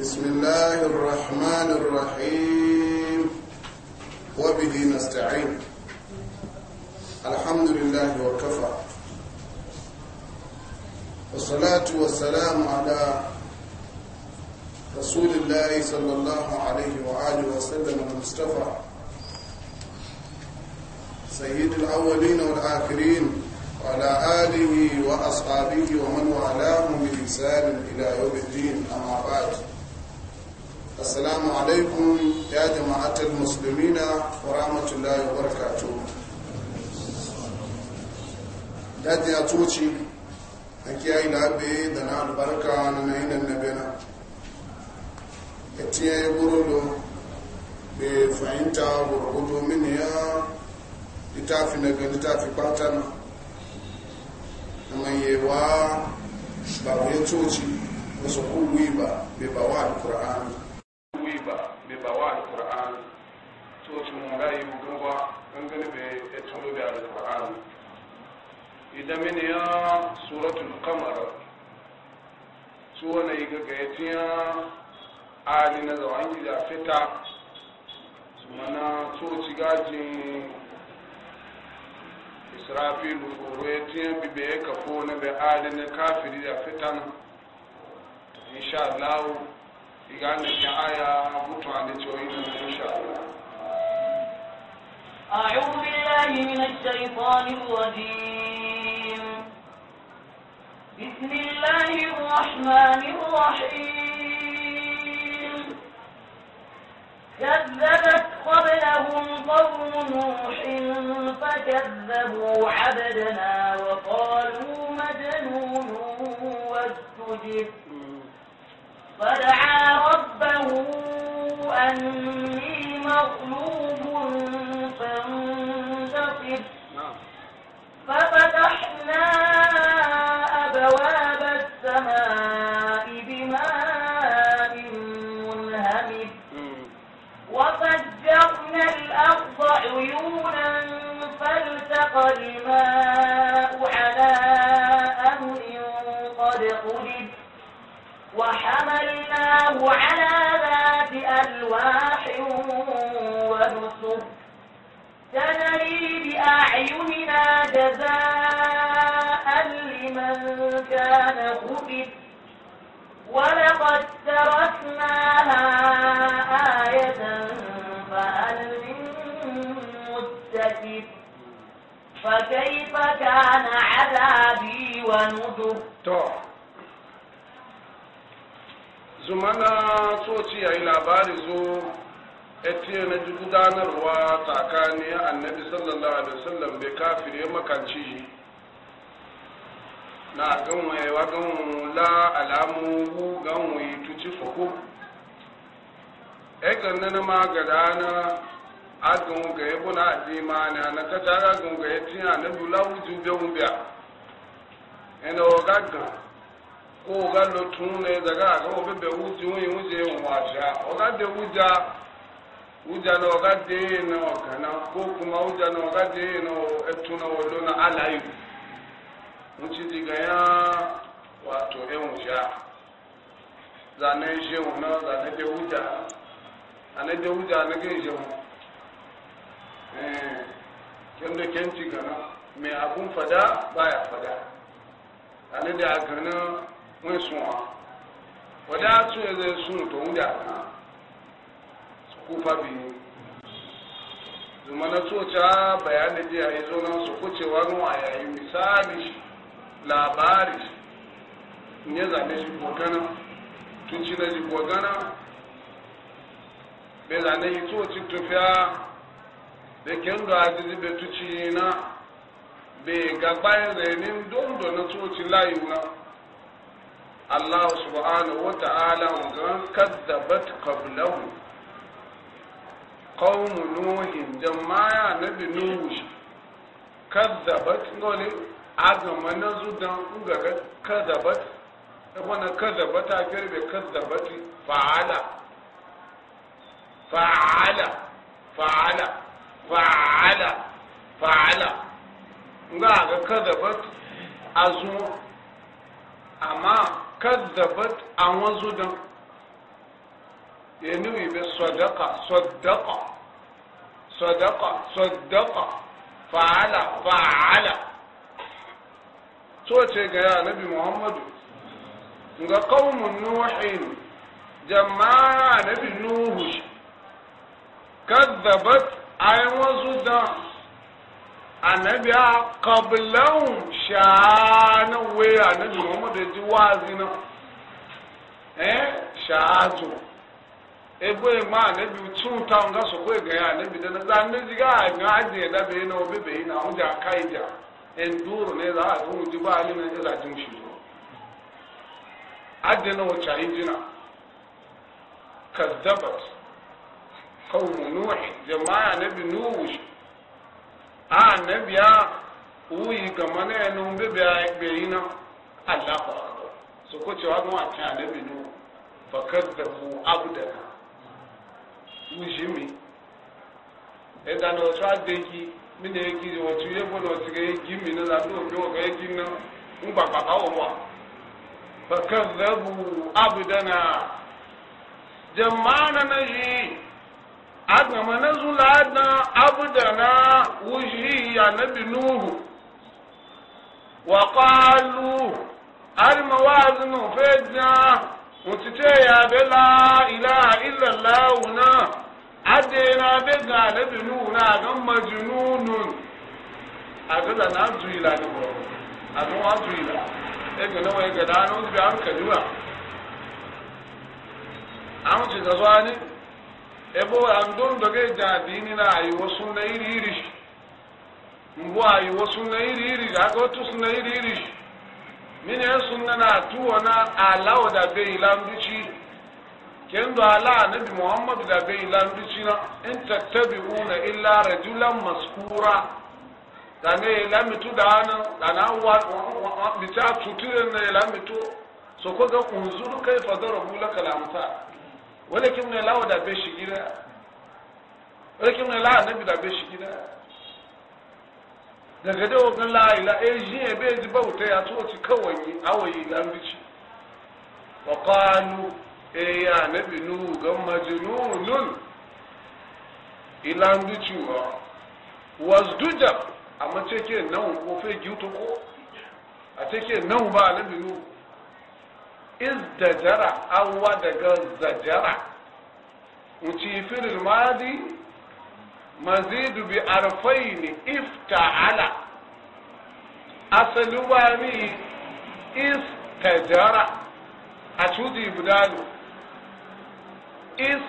بسم الله الرحمن الرحيم وبه نستعين الحمد لله وكفى والصلاة والسلام على رسول الله صلى الله عليه وآله وسلم المصطفى سيد الأولين والآخرين وعلى آله وأصحابه ومن والاهم بإحسان إلى يوم الدين أما بعد assalamu alaikum ya jama'atul musulmi wa rahmatullahi wa barakatuh yadda ya toci a kiyaye labe da na albarka na nainan na bena ya tiye gurulu da fahimta gurgudu mini ya littafi na ga littafi batana na mayewa ba ya toci wasu kuwi ba bai bawa alkur'ani nga yiwu gungwa ngani be etulu be alquran idamin ya suratul qamar suwana yiga ga yatiya ali na zawan gida fita mana tsoci gajin israfilu koro yatiya bibe ka ko na be ali na kafiri da fitan insha Allah iga ne aya mutane cewa ina insha Allah أعوذ بالله من الشيطان الرجيم بسم الله الرحمن الرحيم كذبت قبلهم قوم نوح فكذبوا عبدنا وقالوا مجنون واستجب فدعا ربه أني مغلوب منتصر نعم. ففتحنا أبواب السماء بماء منهمر وفجرنا الأرض عيونا فالتقى الماء على أمر قد وحملناه على ذات ألواح ونصر تجري بأعيننا جزاء لمن كان خبث ولقد تركناها آية فأل من متكف فكيف كان عذابي ونذر زمانا tsoci الى بارزو etiye na ji gudanarwa tsakanin annabi sallallahu alaihi wasallam bai kafir ya makanci na ganwe wa ganwe la alamu hu ganwe tuci fuku e ganna na magada na agun ga yabo na adima na na ta tara agun ga yatiya na dula wuju be wubia ina o gaga ko ga lotun ne daga ga obe be wuju yin wuje yin waja o ga be wuja ujana ogadina kana ko kuma ujana ogadina etuna wolona alayu mucidiga ya wato enwuja zane jewu na zane de uja ane de uja ne ge jewu eh kende kenci gana me abun fada baya fada ane de agana mun suwa wada tun zai sun to uja na kufa biyu zumana tsoca bayanin da ya yi zo nan su kucewa nuwa ya yi misali labari ya zane shi gogana tun ci na shi gogana bai zane yi tsoci tufiya da kyan da ajizi bai tuci na bai ga bayan zainin dondo na tsoci layu na Allah subhanahu wa ta'ala ga kaddabat qablahu qaumu nuhin jama'a nabi nuhu kadzabat ngole agama na zudan ngaga kadzabat wani kadzabat a kirbe kadzabat fa'ala fa'ala fa'ala fa'ala fa'ala ngaga kadzabat azu amma kadzabat an wazudan yẹnu yìí bẹ sọdọkà sọdọkà sọdọkà sọdọkà fàálà fàálà tó ce ga ya nabi muhammadu ga kawun nuhin jama'a nabi nuhu kadzabat ayin wasu dan annabi a kabilan sha'anan waya nabi muhammadu ya ji na eh sha'azu ebe ma anabi tun ta nga so ko ga ya anabi da za ne diga ga aje da be na obi be na uja kaija en duro ne za a tun ji ba ali ne za jin shi aje na o chai jina kazzabat qawm nuh jama'a nuh anabi ya uyi ga mana ne obi be be na allah ko so ko mu a ta anabi nuh abdana mujimi eda na otu adịghị mi na ekiri otu ihe bụ na otu ga-egi mi na na obi ọ ga-egi na mgbapapa ụwa فكذبوا عبدنا جمعنا نجي adna mana zula adna abdana wuji ya nabi nuhu wa qalu al mawazinu fadna mutite ya ila la wuna adi na abe be ga da binu na e ga majnunun adala na zuila e da na adu wa zuila e ga nawa ga da no bi an kadura an ji da zwani e an don da ga da dini na ayi wasu na iri iri mbo ayi wasu na iri iri ga ga to su na iri iri mini sunna na tuwo na alawo da bai lambici ken do ala annabi muhammadu da bai lambici na in tattabi'una illa rajulan maskura da ne lamitu da ana da na wa bita tutu ne lamitu so ko ga unzuru kai fadara bula kalamta walakin ne lawo da bai shi gida walakin ne la annabi da bai shi gida daga da ogan la'ila a yi ya bai ji bauta ya toci kawai awayi lambici wa kwanu e ya nabi nuhu gan majinunun ilambici wa wasduja a mace ke nan ko fe giuto ko a ce ke nan ba nabi nuhu iz dajara an daga zajara wuci filin mazidu bi arfaini ifta'ala asalu ba mi istajara a cuji budanu is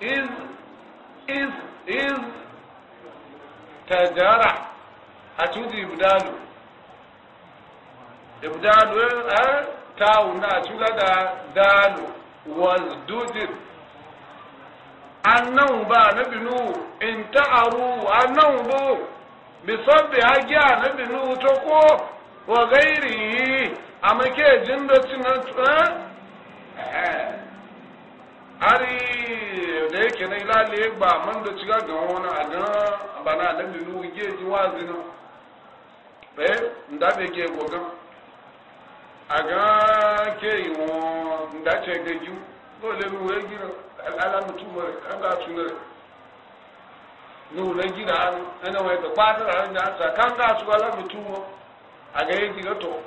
is is is tajara a cuji budanu ibdanu eh, eh tawuna a cula da was dujir annan ba na binu in ta'aru annan bu bi sabbi hajiya na binu ta ko wa gairi a make jin da cinan eh. ari da yake na ilale ba man da ciga ga wani a ga bana na binu ge ji wazina eh nda be ge gogan a ga ke yi won nda ce ga no le mu wee gina ala mu tuma re an ga tuna re no le gina an ana wai da kwata da an ga ta kan ga su ala mu tuma a ga yi gina to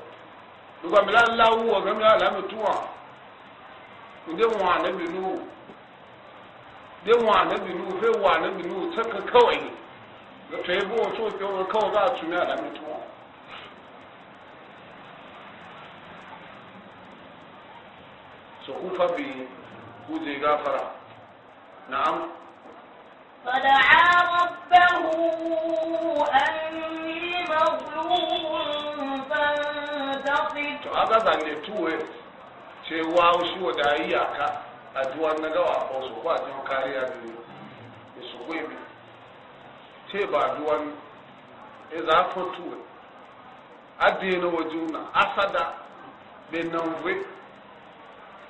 duka mi lan lawu wa ga mi ala mu tuma inde mu wa nabi de mu wa nabi nu fe wa nabi nu saka kawai da to yi bo so ko kawai ga tuna ala mu tuma so kufa bi بوزي غافرة نعم فدعا ربه أني مغلوب فانتصر هذا ذنب توه cewa shi wada iyaka a duwan na gawa ba su ba jin da ya su gwebe ce ba duwan ya asada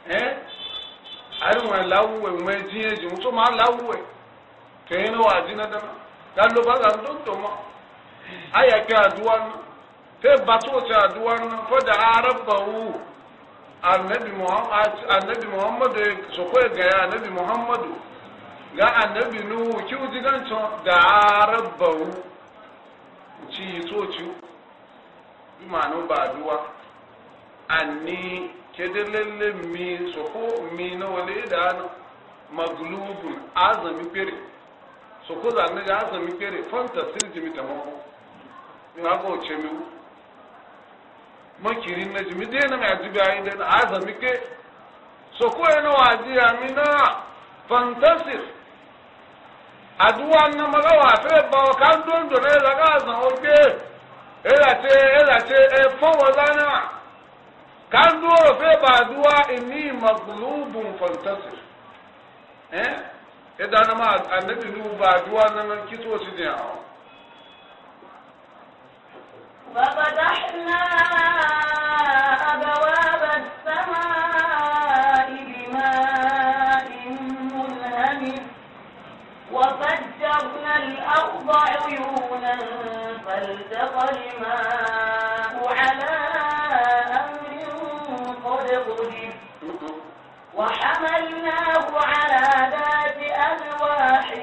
eh ari wọn wọn jiye ji wọn tó máa lawuwe tẹyin náà wà jiná dáná galo bá gàdó tó mọ ayàgbé àdúrà náà tẹ bàtò tẹ àdúrà náà fọdà arábàwù anabi muhammadu sọkọ ẹgẹyà anabi muhammadu ga anabi nuhu kí wọn ti gán tán da arábàwù tí yìí tó bá kedelalle mi soko mi na wale da na maglubun azami pere soko zanne da azami pere fanta sirji mi tamako in haka wace mi makirin na jimi dai na mai ajibi ayi da na azami ke soko ya e na waji ya mi na fantasir aduwa na magawa fe ba kan dondo ne daga azan oge ela ce ela ce e, e, e fọwọ zana كان دور في بعدوا إني مغلوب فانتصر إيه إذا أنا ما النبي نو بعدوا أنا ما كتوا سيدنا وفتحنا أبواب السماء بماء منهم وفجرنا الأرض عيونا فالتقى الماء على وحملناه على ذات ألواح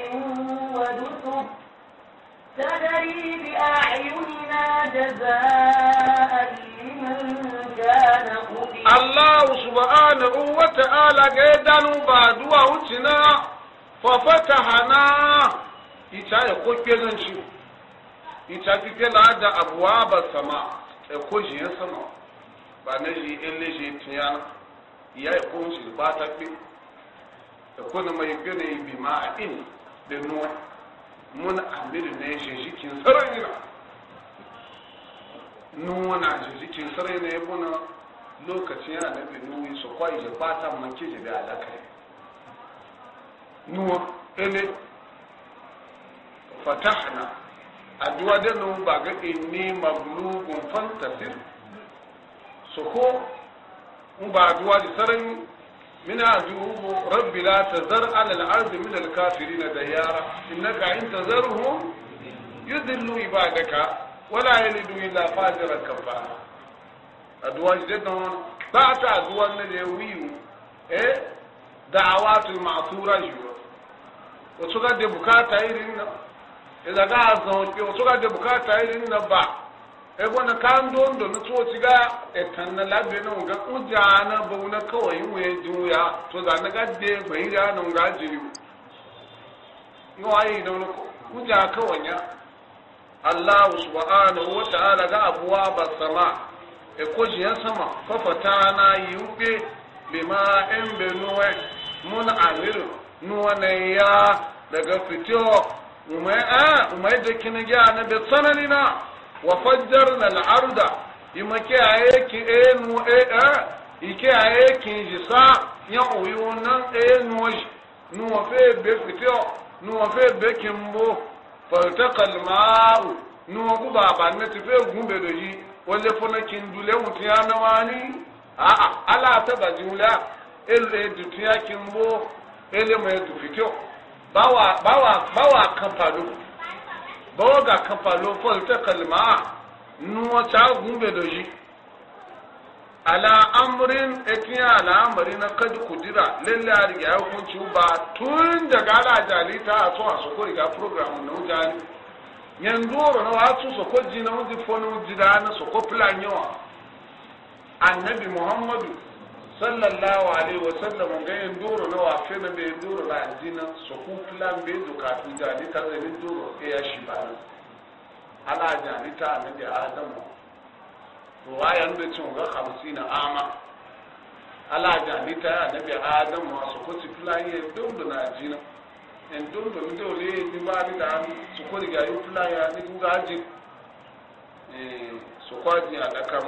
ودسر تجري بأعيننا جزاء لمن كان الله سبحانه وتعالى قيدان بعد وهتنا ففتحنا ita ya koke zan ciwo ita fike da abuwa ba sama ya kojiyar sama ba na ji in lishe tiyana ya yi kun shi ba ta fi da kuna mai gane bi ma a in da nuwa mun amiru ne shi jikin sarai na nuwa na shi jikin sarai na ya buna lokacin yana da bi nuwa su kwa iya ba ta manke shi da alaka ya nuwa ele fatahna aduwa da nuwa ba ga ne maglugun fantasir su ko مبادوا لسرن من عدو رب لا تذر على الأرض من الكافرين ديارا إنك إن تذرهم يذلوا عبادك ولا يلدوا إلا فاجرا كفارا أدواج جدهم بعد أدواج نجويو إيه دعوات المعصورة جوا وتقدر بكاتا إيرين إذا قاعد زوجي وتقدر بكاتا إيرين نبع ebo na kan e dondo na tsoci ga etan na labe na ga uja na bau na kawai we juya to za na gadde mai ga na ga jiri no ai da ko uja kawai ya Allah subhanahu wa ta'ala ga abuwa ba sama e ko ya sama ko fata na yuke bima en be nuwe mun amiru nuwa ne ya daga fitiyo umai e, a umai da kina ga na be sanani na وفجرنا العرض إما كي أيك إنو إيه إيكي أيك إنجسا يعيونا إنوج نوفي بفتيو نوفي بكمبو فالتقى الماء نوغو بابا نتفي غمبرجي wale fana kin dule mutiya na wani a'a ala ta da jula ele dutiya kin bo ele mai dufito bawa bawa bawa kan fado boga kafalo folta kalma nuwa ta gumbe doji ala amrin etiya ala amrin na kad kudira lalle a riga ya hukunci ba tun daga ala jalita a so a so ko riga program na ujali yanzu ro na wasu so ko jina uji fonu jira na so ko plan yawa annabi muhammadu sallallahu alaihi wa sallam ga yin duro na wa fe na mai duro la ajina so ku plan be do ka tu ga ni ta ni duro e ya shi ba ala ja ni ta ni da adam to wa yan be tun ga 50 ama ala ja ni ta ni da adam wa so ku ti plan ye dum do na ajina en dum do mi do le ni ba ni da so ko ga yu plan ya ni ku ga ajin eh so ko ajin ala kam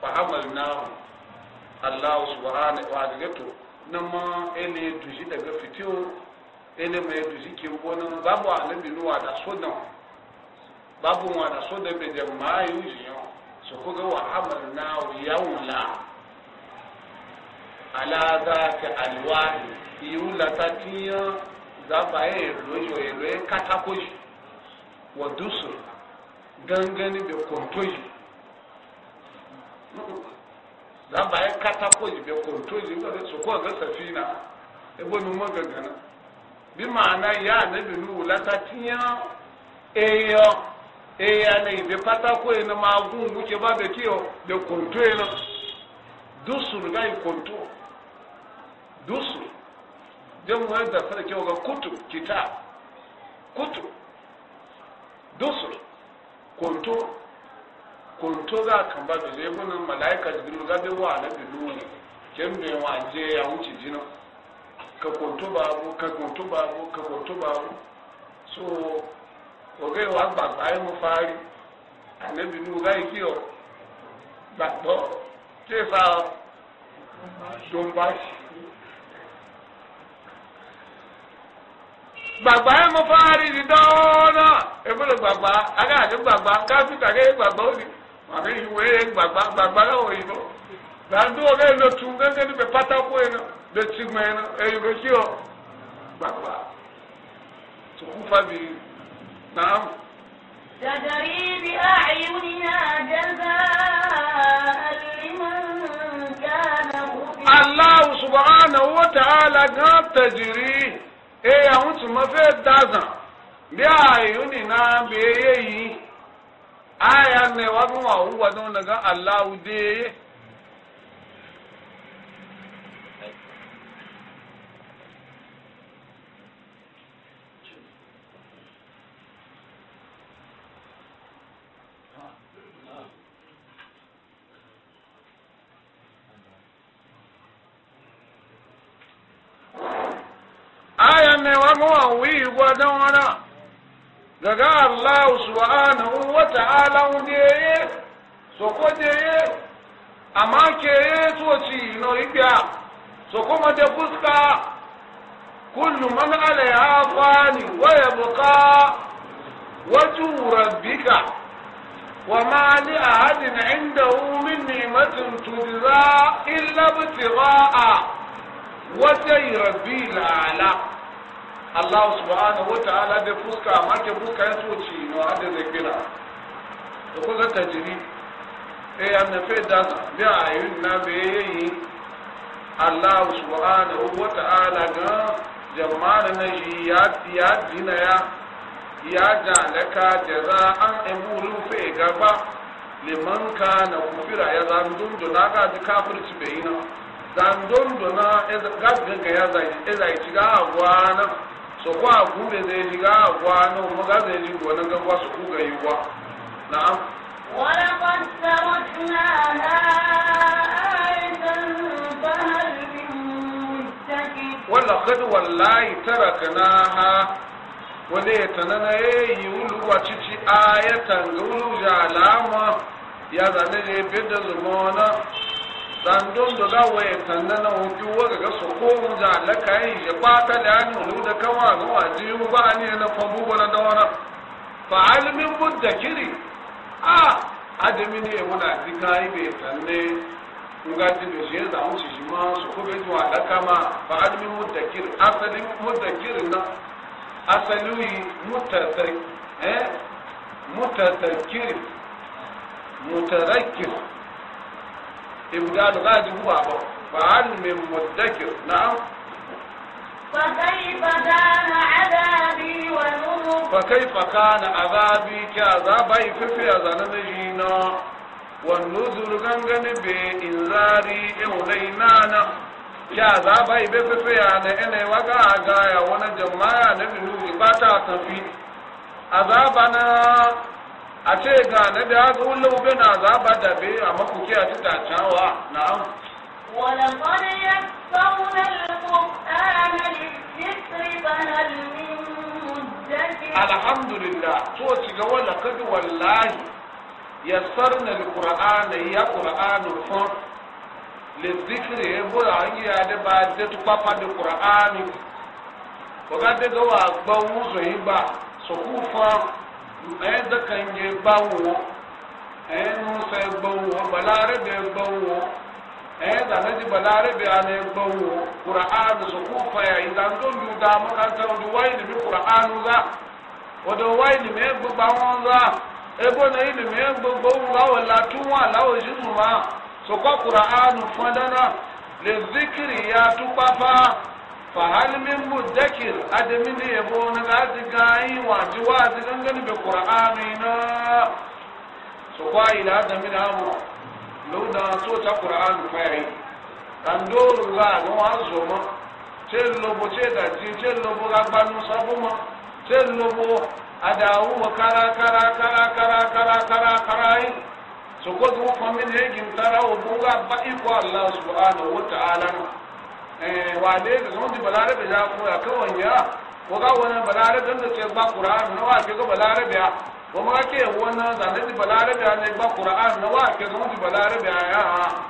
fa amalnahu allah subhanahu wa gato na ma ene duji daga fitiyo ene mai duji ke wani babu annabi nuwa da sodan babu wa da sodan bai da mayu jiyo su kuga wa amal na yawla ala zaka alwahi yula tatiya za ba yi e loyo elo katakoji wa dusu gangani da kontoji daba yɛ katako yi bɛ kɔntɔ yi wɔde sokɔɔ bɛ safi na ebo nu mɔ gɛgɛna bi maana yɛ anabi nu wulata tiɲɛ eyɔ eya na yi bɛ patako yi na maa gun wuce ba bɛ kiyɔ bɛ kɔntɔ yi na dusuru ga yi kɔntɔ dusuru jɛmu hɛ da fɛrɛ kyɛw ka kutu kita kutu dusuru kɔntɔ. konto ga kan ba da malaika jibril ga wa na bilu ne kin bai je ya wuce ka kuntu babu ka ka so o ga wa ba mu fari annabi nu ga o ba do ke don ba shi gbàgbà ẹ mọ fáárì ni dọ́ọ́nà ebolo gbàgbà agáàdé gbàgbà káfíńtà gbàgbà ó maka iwe gbagba gbagba la wo yino landu o le lo tun gẹ́gẹ́ ni bẹ pátákó yẹn lè ti mọ yẹn naam. tadari bi ayunina jazaa liman kana ubi. aláwo subhanahu wa ta'ala gan tajiri eya ń tún ma dazan bí ayunina bẹ yẹ aya ne wa bi ma wu wa don daga Allah de aya ne wa bi ma wu wa don daga Allah subhanahu wa ta'ala ne so ko je amma ke to ci no ibya so ko ma de fuska kullu man alaiha fani wa yabqa wajhu rabbika wa ma li ahadin indahu min ni'matin tudza illa ibtigha wa sayrabbil alaa Allah subhanahu wa ta'ala da fuska make fuska soci no hada zai kira to ko zata jiri eh an fe da bi ayun na be yi Allah subhanahu wa ta'ala ga jama'a na shi ya ya dina ya ya jalaka an ibulu rufe gaba liman na kufira ya zandun dona ga kafirci bayina zandun dona ga ga ya zai zai shiga agwana so ko a gube zai shiga a kwano ga zai ji ko nan gaba su kuga yi ba na'am wala تركناها آية فهل من مدكر ولقد والله تركناها wani ya tanana ya yi wulu a cici ayatan ga wulu alama ya zane ne ya fi da zuma zandon da ga waye kanna na hutu waga ga su ko mu da laka yi ya bata da an mu da kawa zuwa waji mu ba ne na fabu ba da dawana fa alimin muddakiri a adami ne wala dikai be kanne nga ji be je da wuce shi ma su ko be to ala kama fa alimin muddakir asalin kiri na asalui mutatar eh mutatarkir mutarakkir Ịmdaadị nga dị ụwa ọhụrụ. Baalimị mụ dị ọrịa ọhụrụ naa. Fa kaịfa gaa na Agaabi walụrụ. Fa kaịfa gaa na Agaabi kya zaa bayi fifiya zana na ị na. Walụrụ zuru ganganị be ịnzaarị ịhụnayina na. Kya zaa bayi be fifiya na ene waka ọ gaa ya ọwụna jụụ ma na n'uhi ụba tọọ ka a ga na da haka wani na za ba da be a makuki a ci tacawa na an ولقد يسرنا القرآن للذكر فهل من مدكر الحمد لله تو تيغا ولقد والله يسرنا القرآن يا قرآن فر للذكر يبو أنجي هذا بعد تقفى القرآن وقد دوا أكبر وزهبا سكوفا ɛyɛ zakanye ba wɔ ɛyɛ nusa ba wɔ balaare bɛ ba wɔ ɛyɛ zanaji balaare bɛ ana ba wɔ kura'an su kufa ya idan don du da makanta du wai ni mi kura'an za o do wai nimi mi gbogbo wọn za ebo na yi nimi mi gbogbo wọn ba wọ latu wọn alawo shi mu ma sokɔ kura'an fɔdana le zikiri ya tukpafa. na kara kara kara kara co o sa cheo du sitala Eh, wane da zama da balarabe na ya kawai ya ko ga wani balarabe da ke ba qur'an na wa ke ga balarabe ya ko ma ke wani zane da balarabe ya ne ba qur'an na wa ke zama da balarabe ya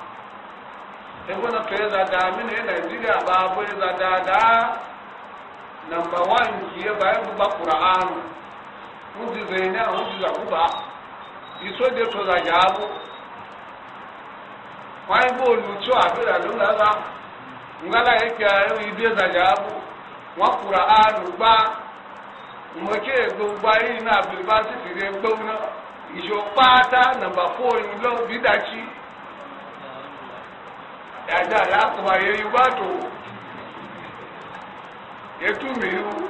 e wani ke za da mini ne Nigeria ba bo za da da number 1 ki ba ba qur'an mun ji zaina iso de to jabo bóòlù àbẹ̀rẹ̀ ló ń ngala yake ayo ide za wa qur'an ba mọ̀kẹ́ gbogbo na iná abiribásitì rẹ̀ gbóná ìṣòpáátá nàmbà fóònù lọ bídàchí ẹ̀dá àlákùnmá yẹyí yubato etu ètú mìíràn.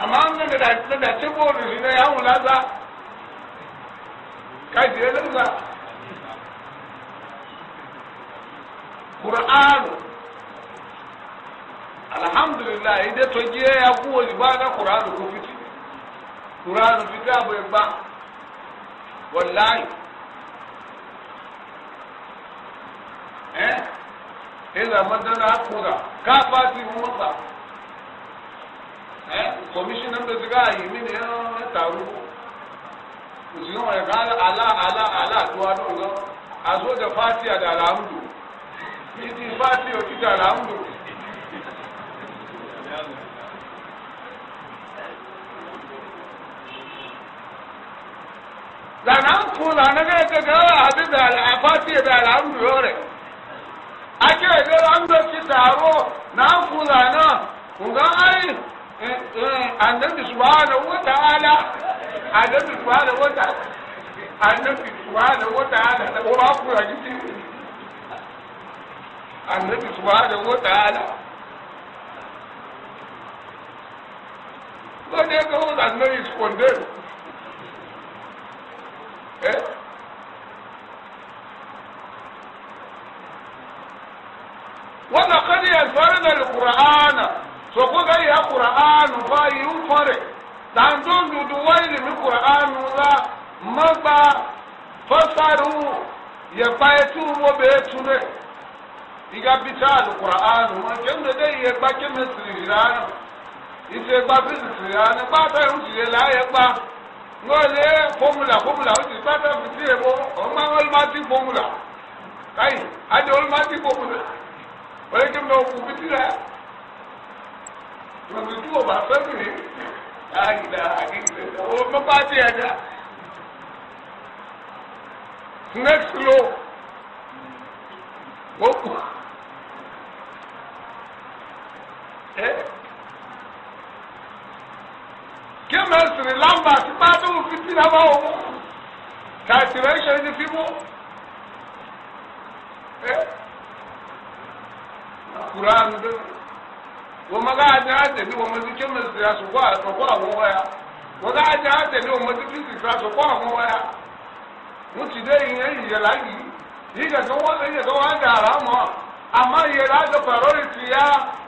àmọ́ àwọn nàdà tí bóòlù sí náà qur'an alhamdulillah ide to je ya ku wali bana qur'an ko fiti qur'an fita bai ba wallahi eh ila madana akuda ka fati musa eh commission nan da diga yi min ya e, e, taru ku ji e, ala ala ala duwa don ga azo da fatiya da alhamdulillah ìdí fásitì òtítà là ń lò. lànà ń kun lànà ní ẹgbẹ́ kan àbí bẹ̀rẹ̀ àfáàtì bẹ̀rẹ̀ à ń lò rẹ̀. ajé ìlera ń lò sí tààrọ̀ nà ń kun lànà nǹkan ayé ànábì subhanahu wa ta'ala ànábì subhanahu wa ta'ala ànábì subhanahu wa ta'ala wọ́n bá kúrò àyíkí annabi subhanahu wa ta'ala so they go that no is condemned eh ولقد يسرنا القرآن سقوط يا قرآن غير فرق دعندون دودوين من قرآن لا مبا فصاروا يبايتون وبيتون iga bita alqur'anu ma kenda dai ya e ba kenda sirirana ise gba sirirana ba ta yu sire e la ya e gba ngole formula formula o ti ba ta fi ti ebo o ma wal ma ti formula kai ade wal ma ti formula o le kemna o ku bitira mo ti tu o ma ba ti ada next law Whoa. kemịstrị lambert mmadụ fiti na mawụ calculation dị fibu kuran dị wọ́n mọ̀gá ajá àtẹ̀ ní wọ́n mọ̀tí kemịstrị asọ̀kọ́ àwọn wọ́ya mọ̀gá ajá àtẹ̀ ní wọ́n mọ̀tí fiziks asọ̀kọ́ àwọn wọ́ya mo ti dé ìyẹn ìyẹ̀lá yìí yìí kẹ̀kẹ́ wọ́n dàrá mọ́ àmọ́ ìyẹ̀lá dọ̀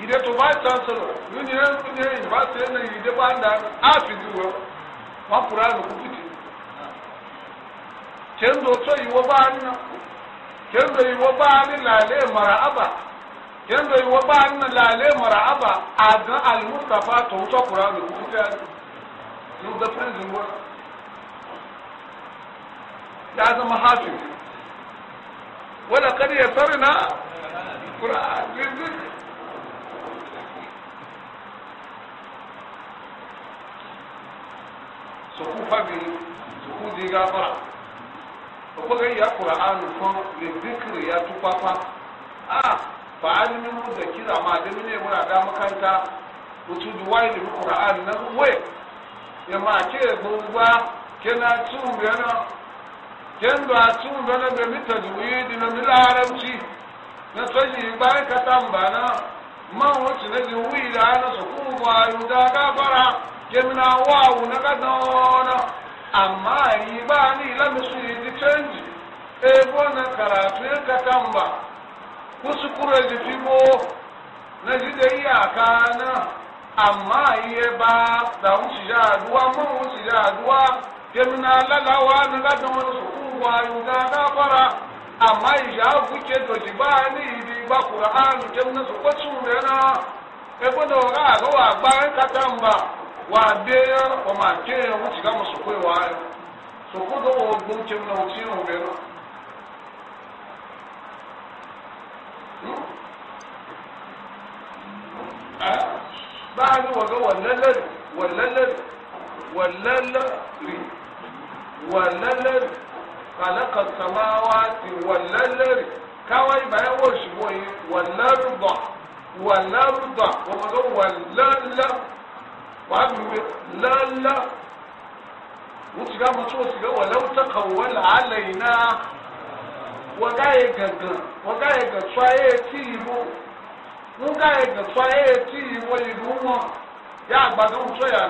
ide to vice chancellor union union university na ide banda afizi wo mapura no kupiti kendo to iwo ba na kendo iwo ba ni lale maraba kendo iwo ba na lale maraba adan al mustafa to to qur'an no kupiti no the friends in work ya zama hafiz wala kad yasarna qur'an lizikr sɔkò fagiri sɔkò di gafara o ya qur'anu fɔn le zikiri ya tu papa a fa alimi mu da kira ma da mine muna da makanta mutu di wai da qur'an na we ya ma ke gungwa kena tun gana ken da tun gana da mita duwi na mila haramci na tsaji bayan ka tambana man wuce na duwi da ana sukun gwayo da gafara gemina wawu naka gadona amma yi baa ni lamisu yi ti canji ebo na karatu ya katamba kusu kure ji fibo na ji da iyaka na amma yi ba da wuce ja aduwa mun wuce ja aduwa alala gemina lalawa na gadona su kuwa yi da gafara amma yi ja kuke doji ba ni bi ba kur'anu gemina su kwacin da yana ebo na waga agawa ba katamba wa beya wa ma ke mu tiga mu su kwe wa e. so ko do o bu ke mu na o ti no be no hmm? eh? ba ni wa ga wannan lari wannan lari wannan lari wannan lari خلق السماوات والنار كواي ما يوش بوي والنار ضع والنار ضع وما قال والنار wàá bí wípé lọ́lọ́ wọ́n ti gá mọ́tò òsì gá wọ̀lẹ́ wọ́n tẹ́kọ̀ wọ́n là á lẹ́yìn náà wọ́n gá yẹ gàngàn wọ́n gá yẹ gàtọ́ ayé tí ìbò wọ́n gá yẹ gàtọ́ ayé tí ìbò ìlú ya yá àgbàdo ń sọ yà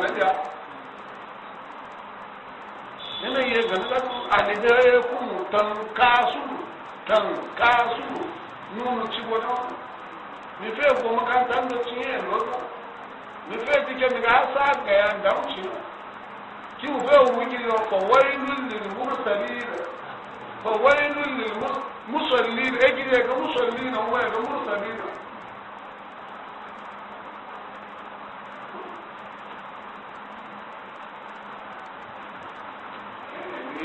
mefeti ke mi ga sa ga ya ndauci ki ube wuji yo fa wailul lil mursalin fa wailul lil musallin ejire ga musallin wa ga mursalin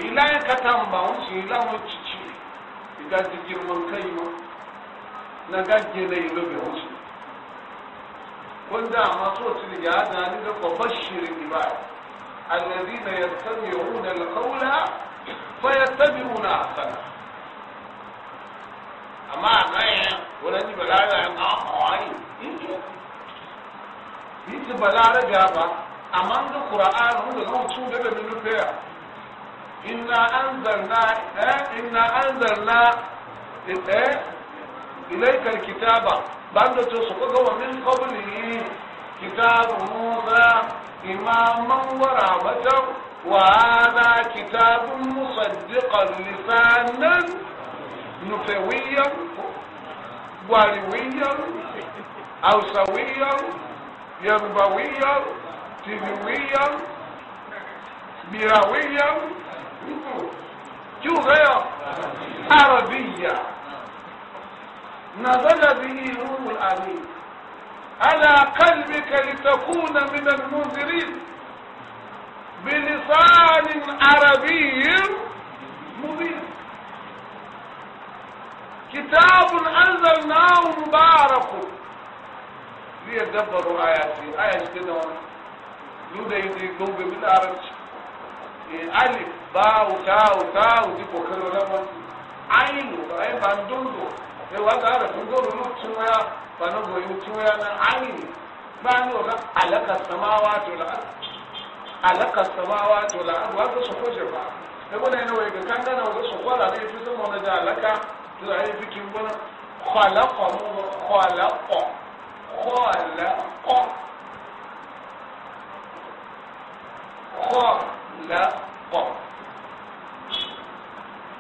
ila katan ba wuce ila wuce ci idan jirgin man kai ma na gajje na yi lobe wuce كنا مصوت لجعلنا لنا وبشر العباد الذين يستمعون القول فيتبعون احسنه àmọ́ àgbáyé wọlẹ́ni bàlára ẹ̀ka ọ̀hún yìí ti bàlára bí a bá àmọ́ ń dúkùrọ̀ àrùn ń lọ́wọ́ tún bẹ́ẹ̀ nínú pẹ́yà iná anzalna ẹ iná anzalna ẹ ilé kàlkìtàbà. bando to so ko wa min qablihi kitabu musa imaman wa rahmatan wa hadha kitabun musaddiqan lisanan nufawiyan wariwiyan awsawiyan yarbawiyan tibiwiyan mirawiyan kí o sẹ́yọ̀ arabiya. نزل به روح الأمين على قلبك لتكون من المنذرين بلسان عربي مبين كتاب أنزلناه مبارك ليدبروا آياتي آيات كده لودا يدي قوم بالعربي إيه، ألف باو تاو تاو تبو كلو لما عين عين e waga ara tungo mu tuwa bana goyi tuwa na ani bani wa alaka samawati wal ard alaka samawati wal ard wa su koje ba e bona ina wai ga kanga na wasu kwala ne fi sama na da alaka to ai bikin bona khalaqa mu khalaqa khalaqa khalaqa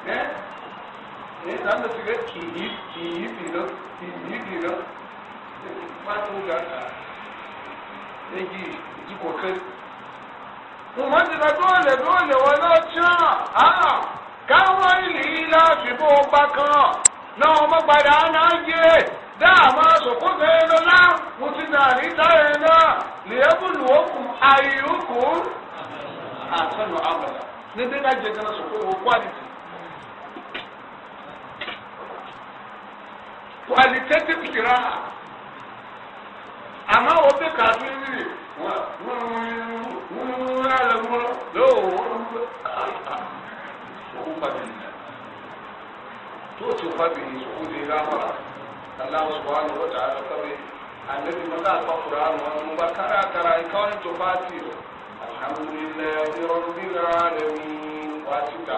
ne Estando sigue chihip, chihipilo, chihipilo. Matu gata. Eji, ji koke. Wọ́n ti lọ dóòlè dóòlè wọn náà tíyàn. Káwọn ìlú yìí náà fi bó ọgbà kan. Náà ọmọ padà náà yé. Dáàmú sòkòtò lọ́lá. Mo ti nà níta ẹ̀ náà. Lèébùlù òkun àyíkù. Àtọ́nù àbàlà. Níbi ká jẹ kan sòkòtò wọ́n kwaliti. qualitative qira'a àmọ́ wọ́n bẹ kà sí ní wọ́n yàrá wọ́n lọ́wọ́ wọ́n sọ́kú pàdé nìyẹn tó ti pàdé yìí sọ́kú di rámọ́ra aláwọ̀ sọ́kú àwọn ọ̀dà àtọ́kọ́bí àlẹ́bí mọ́tà àpapọ̀rọ̀ àwọn ọmọ bá kárakára ìkọ́ni tó bá ti rọ̀ alhamdulillahi rabbil alamin wá ti ta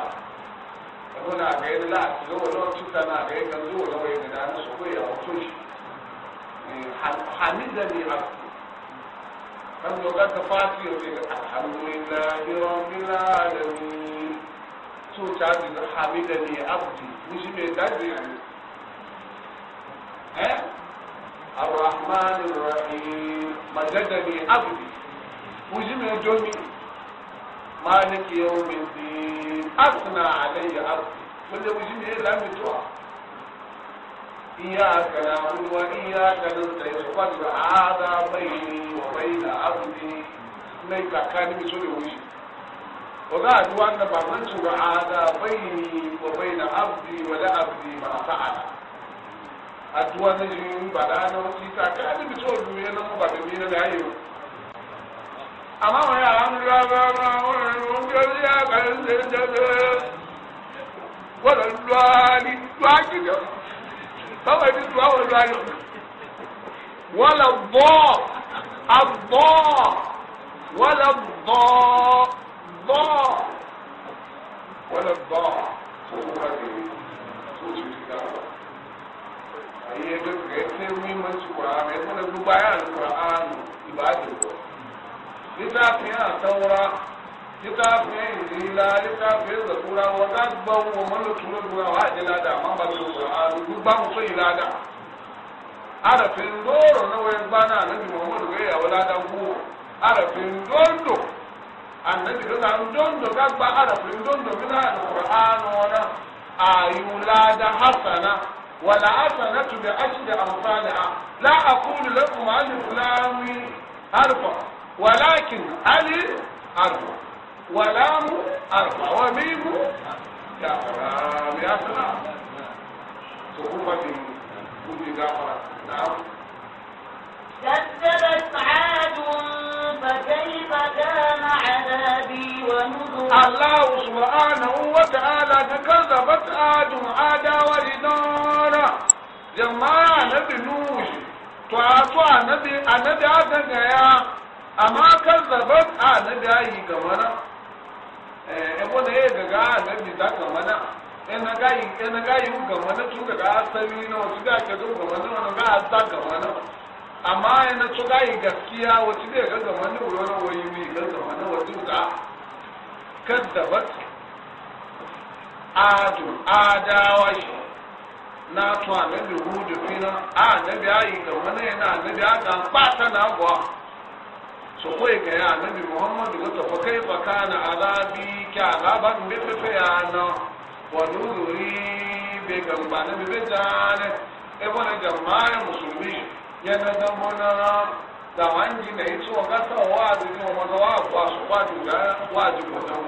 nuna ga yi la ga wani cuta na ga yi ganzu wani wani ga dani su koya a wato shi hamida ne a kan dogar ta fasi yau ne alhamdulillahi rabbil alamin so ta ji hamida ne abdi mishi mai daji ne eh الرحمن الرحيم مجدني عبدي وجمع جميل maliki yau mai din asna alayya arsi mun da bishin da ya zama mutuwa iyaka na wa iyaka nasta'in wanda hada baini wa bai abu ne baina yi mai tsakanin miso da wuce ba za a ji wanda ba man ci bai baini wa baina abdi wa ne abdi ma fa'ala a duwa na yi ba da na wuce tsakanin miso da wuce na mu ba da mina da yayi àmọ́ yà á ń lọ bá ma ń lò ń jẹ́ yà ká ń lè jẹ́lẹ̀ gbọ́dọ̀ lọ ní tó àjùjọ báwo ni tó àwọn lọ àjọ wọ́n lọ bọ́ àbọ̀ wọ́n lọ bọ́ bọ́ wọ́n lọ bọ́ tó wà ní tó ti fi ká wà. Ayé ẹgbẹ́ kẹ́kẹ́ wí mọ́ ti wà á rẹ̀ mọ́ lọ gbogbo ayé àlùkò àánú ìbáàdì wọ̀. littafin a taura littafin injila littafin zakura wata gbawo wa malukin lura wa ji lada amma ba su ƙur'anu duk ba mu so yi lada arafin doro na wayan bana annabi muhammadu bai yawa lada ko arafin dondo annabi ga zan dondo ga ba arafin dondo mina da qur'anu wana ayu lada hasana wala hasanatu bi ashri amsalha la aqulu lakum an fulani harfa ولكن ألي أربع ولام أربع وميم يا سلام يا سلام صحوفة كل جعفر نعم كذبت عاد فكيف كان عذابي ونذر الله سبحانه وتعالى كذبت عاد عاد ولدار جماعة نبي نوح تعطى نبي أنبي عاد amma kan zaban a na gayi ga mana ebo na ya a na biza ga mana ina gayi ina gayi ga mana tun ga asali na wasu ga ka zo ga mana wani ga azza ga mana amma ina to gayi gaskiya wasu ga ga mana wani wani mai ga ga mana wasu ga kaddabat adu adawa shi na to annabi hudu fina a na annabi ayi ga mana yana annabi aka ba ta na gwa soko kawai ga ya annabi muhammadu wata fa kai fa na azabi ki azaban bi na wani nuzuri be gamba na bi jane e bona jama'a musulmi ya na da na da wanji na ito ga ta wa da ni wa wa su ji ko da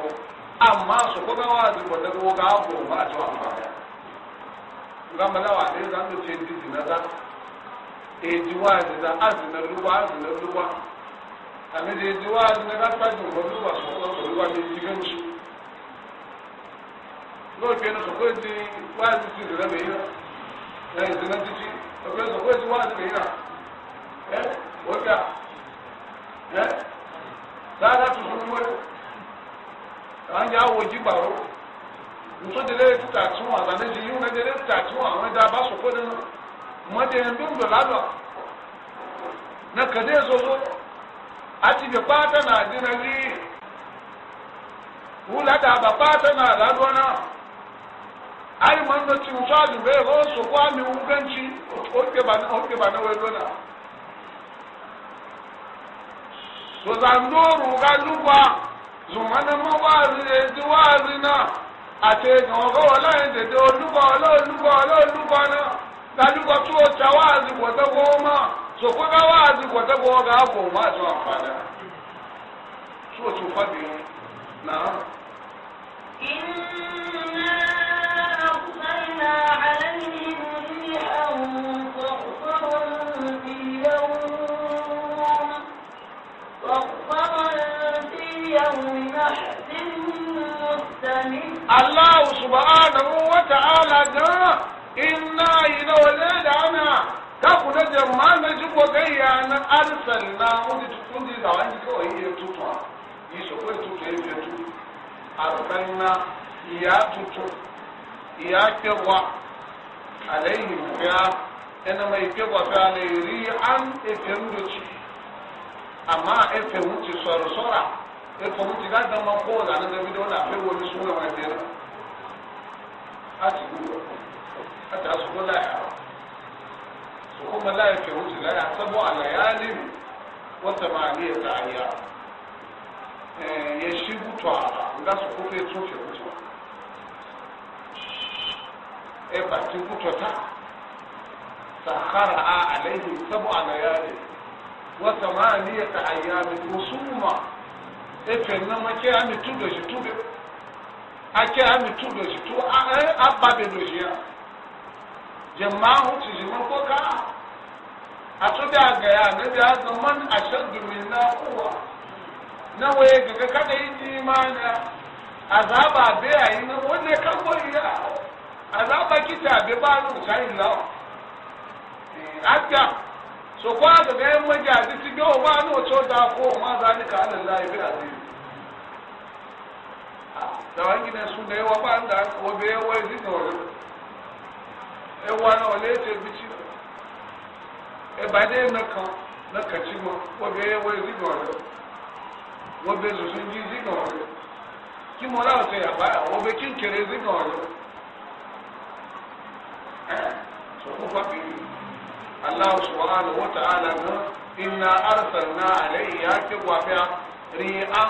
amma su ga wa ko da ga ko ba ta wa ba ga malawa ne àmì de ti wá nígbàgbàgbà olúwa sọ̀rọ̀ olúwa mi ti fẹ́ musu lóòtú ẹni sọ̀kọ́ ti wá ti ti rẹ̀ mẹ́yìn rẹ̀ ẹ̀ ìdènà ti ti ọ̀pẹ sọ̀kọ́ ti wá ti mẹ́yìn rẹ̀ ẹ̀ wọ́pẹ́ à ẹ̀ dáadáa tuntun mọ́lẹ̀ àwọn yà wọ jí gbàrú ntòdìlẹ̀ tuta tún wọn àtàlẹ́ ti yíwọ́n ẹ̀dẹ́lẹ̀ tuta tún wọn àwọn ẹ̀dá bá sọ̀kọ́ nínú mọ́tẹ́ ẹ̀ ń dúró acibe kpata na adinazi ụlọ da ba kpata na aladona ayi man do ti musa du be ko so kwa mi uganci o ke ba na o ke ba na we dona ga lugwa zumana mo wa ri di wa na ate gan ko wala en de do lugwa lo lugwa lo na la lugwa tu o tawazi ko to so ko ga wa ji ko ta go ga ko ma jo amfana so to fa bi na inna arsalna alaihim rihan qaqfaran fi yawm qaqfaran fi yawm nahdin mustamir Allah subhanahu wa ta'ala ga inna ila wala ana kaku na jama na ji ko gai ya na arsan na kundi kundi da wani kawai ya tutuwa yi so ko tutuwa ya tutu na ya tutu ya kewa alaihi ya ina mai kewa ta ri an efen amma efen wuce sora-sora efen wuce ga dama ko na gabi suna mai a cikin a ثم لا يفعوش لا يحسبوا على ليال وثمانية أيام يشيبوا تعالى الناس كل يتوفي وتوى إبا تنكو تتا سخرها عليهم سبع ليال وثمانية أيام وصومة إبا إنما كي أمي تودش تودش ake ami tu doji tu a ba be doji ya jama'a hutu jimin ko ka atubi agaya anabi azɔ man ashaddu minna quwwa na waye gaga kada yi imani azaba be ayi na wanda ka boyi ya azaba kita be ba nu sai la adda so ko aga ga di ti go ba nu to da ko ma zalika ala allah bi azim da su ba da e wa ẹgbàdé nàkan nàkàtí wọn wọn bẹ ẹwọ ẹzígàn rẹ wọn bẹ zòzò ní ẹzígàn rẹ kí mo láwọn sọ yàgbá wọn bẹ kí n kéré ẹzígàn rẹ ẹ sọkún pàbí aláwọ sùwàhánù wọn a á lànà iná arúgbó àlẹ ìyá ga abẹ́ a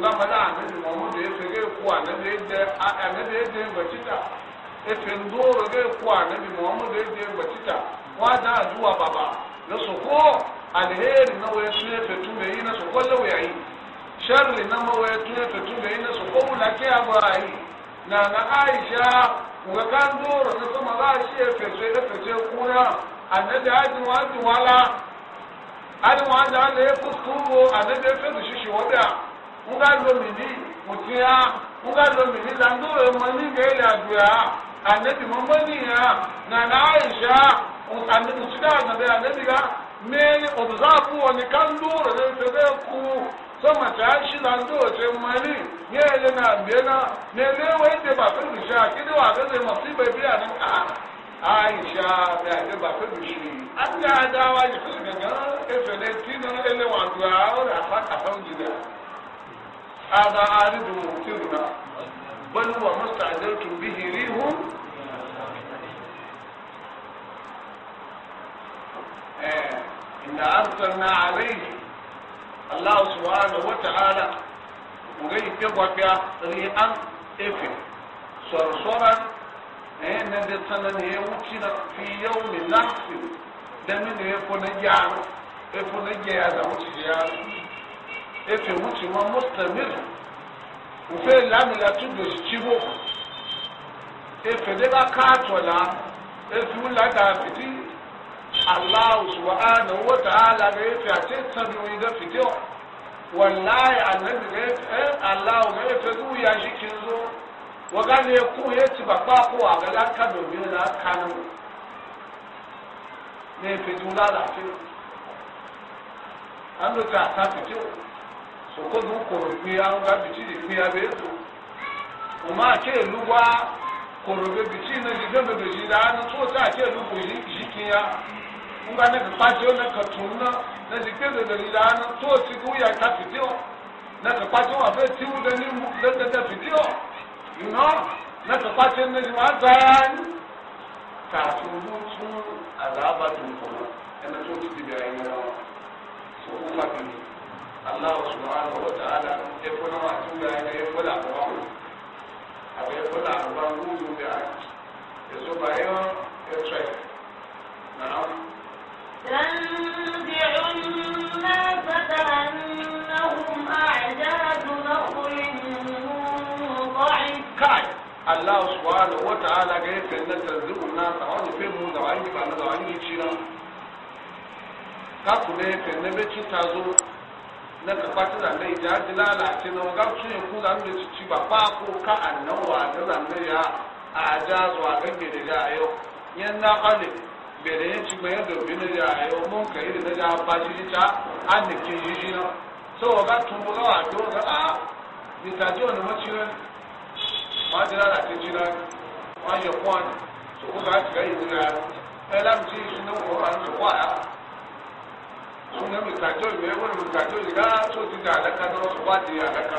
na mọ̀lá ànábì mọ̀mọ́dé efege kú ànábì ẹ̀dẹ́ efe na soko alheri na waya tun yafe tun da yi na soko lau ya yi sharri na mawaya tun yafe tun da yi na soko wulake a ba yi na na aisha kuka kan doro na sama za a shi ya fece da fece kuna annabi hajjin wajen wala hajjin wajen wala ya kuskuro annabi ya fece shi shi wada nga lomini mutiya nga lomini zandoro mani ga ila duya annabi mamani ya na na aisha annabi suka e e na da annabi ga me observe wani ni duro da ta da ku sama ta shi na do ce mali na be na ne ne wai da ba kan sha kidi wa ga ma musiba biya a Aisha ba kan shi an ga dawa ji su ga efe ne tino ele wa fa ka da wa inna arsalna alayhi allah subhanahu wa ta'ala ngai ke gwafia ri'an efe sorsoran eh na da sanan ya wuce na fi yawmi nahsi da min ya ko na gyaro e ko na gyaya da wuce ya efe wuce ma mustamir ku fe lamila tun da shi cibo efe de ba katola efe wula da fiti Allah subhanahu wa ta'ala ga yafi a cikin nuyi da fito wallahi annabi ga yafi eh, Allah ga yafi zuya shi kin zo wa ga ne ku ya ci babba ko a ga laka domin na kanu ne fito la la fito an da ta ta fito so ko du ko ni an ga biti di ni abe to kuma ke luwa korobe biti na di gambe do ji an so ta ke lu ko ji kiya nga ne kpa tsi wo ne ke tum na ne zikpe leleli la ne to si ku ya ta fiti o ne ke kpa tsi wo abe ti wu ɖe ni mu ɖe ɖe ɖe fiti o you know ne ke kpa tsi e, ne zi ma za ta tu mu tu ala ba tu ko ene to ti ti bi ayi na so ko ma tu Allah subhanahu wa ta'ala e ko na ma tu ya ne e ko la ko abe e ko la ko ba wu yu ya e so ba yo e tre na تنزع الناس أعجاز نخل منقعد Allah subhanahu wa ta'ala ga yadda na tarzibun nasa wani fe mu da wani ba na da wani ci na ka ku ne ka ne be ta zo na ka fata da nai da ji lalace na ga su ne ku zan da ci ba ba ko ka annawa da zan da ya a ja zuwa ga da ja yau yan na kale bere yin ci mai da obi na ya a yau mun kai na ya ba shi cha an da ke yi shi na so wa ga tun ga wa to ga a ni ta ji ma ji rara ta ji na ma ya kwan so ko ga yi na shi na ko an ko ya sun ga mi ta ji mai wani mi ta ji ga so ti da da ka ya da ka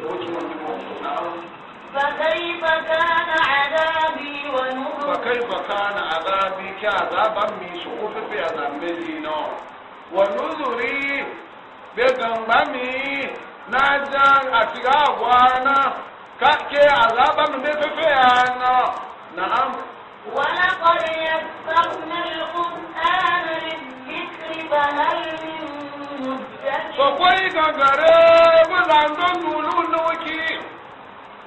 ni mo na فكيف كان عذابي ونذر فكيف كان عذابي كعذابا من سقوط في عذاب مدينة ونذري بغنبمي ناجا أتغاوانا كأكي عذابا من بففيانا نعم ولقد يسرنا القرآن للذكر فهل من مدكر فكوي غنغري بلان دون نولو نوكي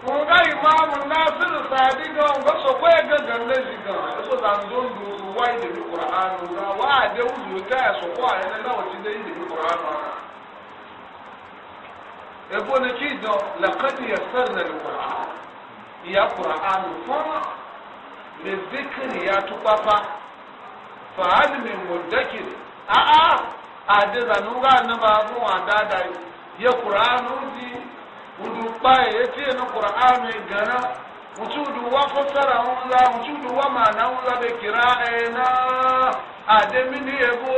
mun ga imamu nasir sadi ga mun ga so ko ga ganna shi ga so dan don du wai da qur'anu ga wa da uzu ta so ko ai na lawa ci da yi qur'anu e ko ne ci do laqad yassarna al-qur'an ya qur'anu fara le zikri ya tupapa fa hal min mudakkir a a a da zanuga na babu wa dada ya qur'anu ji wudu kpae etie no qur'anu gana mutudu wa fasara hunla mutudu wa mana hunla be kira'ena ademini ebo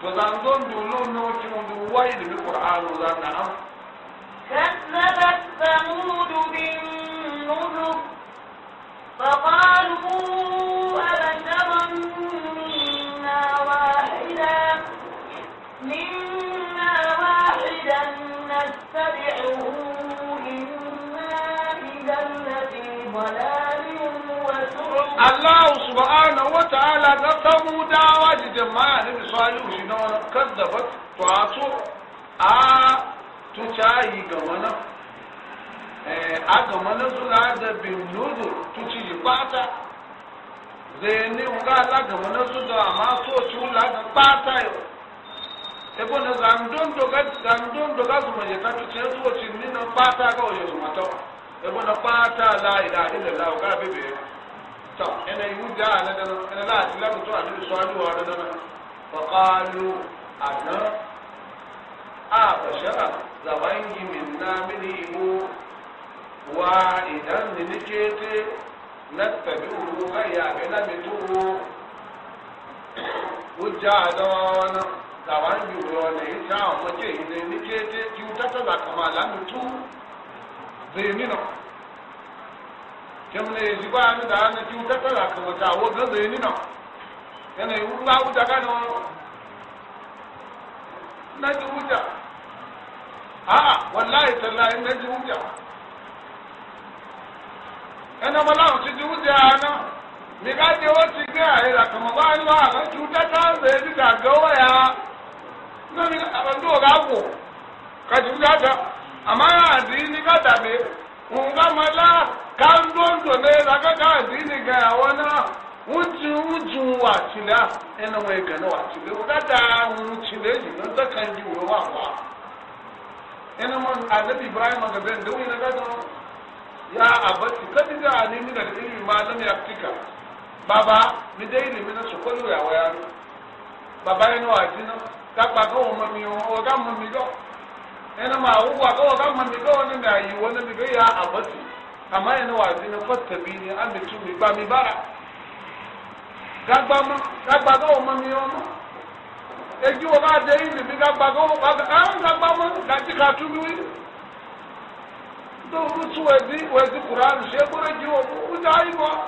to zangon dulu no tumudu wa ilmi qur'anu la na'am كذبت ثمود بالنذر فقالوا أبشرا منا واحدا منا واحدا نتبعه إنا إذا لفي ضلال Allah subhanahu wa ta'ala ga samudawa da jama'a ne da salihu shi na wani kazzaba to a tucayi ga wani a ga wani zula da bin nudu tuci ji bata zai ne ga ala ga wani zula amma so ci wula ga bata yau ebo na zandondo ga zandondo ga zuma je katu ce zuwa cinni na fata ga waje zuma ta ebo na fata la ila ila la ga bebe ta ina yu ga na da ina la ti la mutu a duk swali wa da na fa qalu ana a bashara za bangi min na mini mu wa idan ni nike te na tabi uru ga ya ga na mitu hujja da wa wannan tawan yiwuwa na yi ta a mace ne ni ke te ji ta ta da kama la mutu zai nino kem ne ji ba ni da na ji ta ta da kama ta wo ga zai nino yana yi ba u da gano na ji wuta a wallahi tallahi na ji wuta yana mala wuce ji wuta na mi ka je wo ti ga ira kama ba ni ba ga ju ta ta zai ji da gawaya lórí àbẹ̀tò ọ̀gá wò kàtìkú ká dà àmọ́ àdìní ká ga nǹkan mọ́lá ká ń dòńdò ní lákàtà àdìní gan ya náà wújú wújú wà tìlá ẹnu wọn ìgànnà wà tìlé wọn dáta wọn tìlé ibrahim ya abati ma baba mide na ya kakpa ka wo mami wo ga mami do ma wo wa ga ga mami do ne da yi wo ya abati amma ene wa zina na bi ne an bi tumi ba mi bara kakpa ma kakpa ka wo mami wo ma eji wo ga de bi wo ga an ma da ti ka do ru qur'an she ko ji wo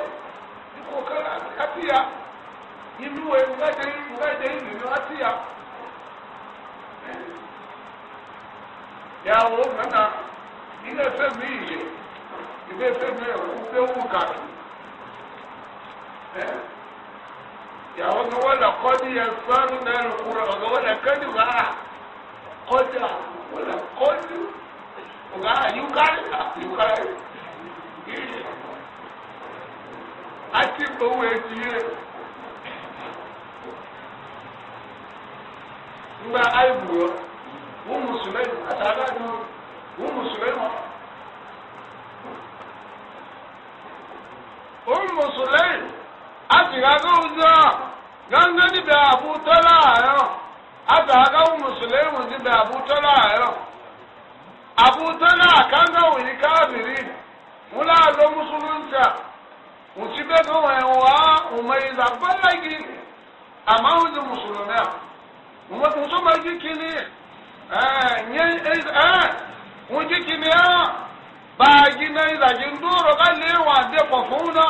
u kokana atiya ilu e ngaje ngaje ilu atiya ya wo nana ina se mi ye ibe se mi o pe wu ka eh ya wo no wala qadi yafarna alquran wala kadi wa qadi wala qadi wa yukal yukal ati mgbe o wee tinye mgbe anyị gburu ụmụ sulaim atara anyị ụmụ ụmụ aga ụzọ ganga dibịa abụ tọrọ ahụ aga ụmụ sulaim dibịa abụ tọrọ ahụ abụ tọrọ ŋutsu bɛ bɛ wɔn wa ŋumɛyiza gbɛlɛgi amahu di musulumi a ŋutsu ma di kini ɛɛ nye ɛɛ ŋutsu kini a na izaji ndoro ka lee wa de kɔfun na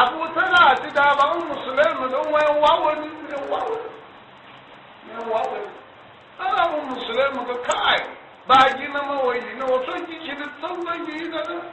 abu tana ati daaba ŋu musulumi ni wɔn wa na ma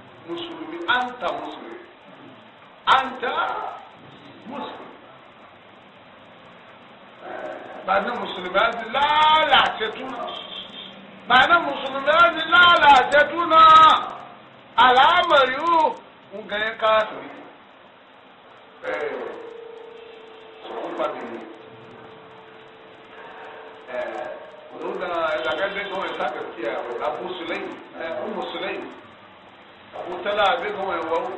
mùsùlùmí àǹtà mùsùlùmí àǹtà mùsùlùmí bàánà mùsùlùmí àti láàlà àtẹ̀túnà bàánà mùsùlùmí àti láàlà àtẹ̀túnà àlàámọ̀ríwò ń gẹ̀yẹ́ káàtó ẹ̀ẹ́ sọ̀rọ̀ pàdé ẹ̀ẹ́ olóńgbà ẹ̀dàgẹ́dẹ́gbọ̀n ẹ̀sàkẹ́kẹ́ àwọn àbúsùlẹ́yìn ẹ̀ẹ́ ọmọsùlẹ́yìn kutala abe ga wani wawo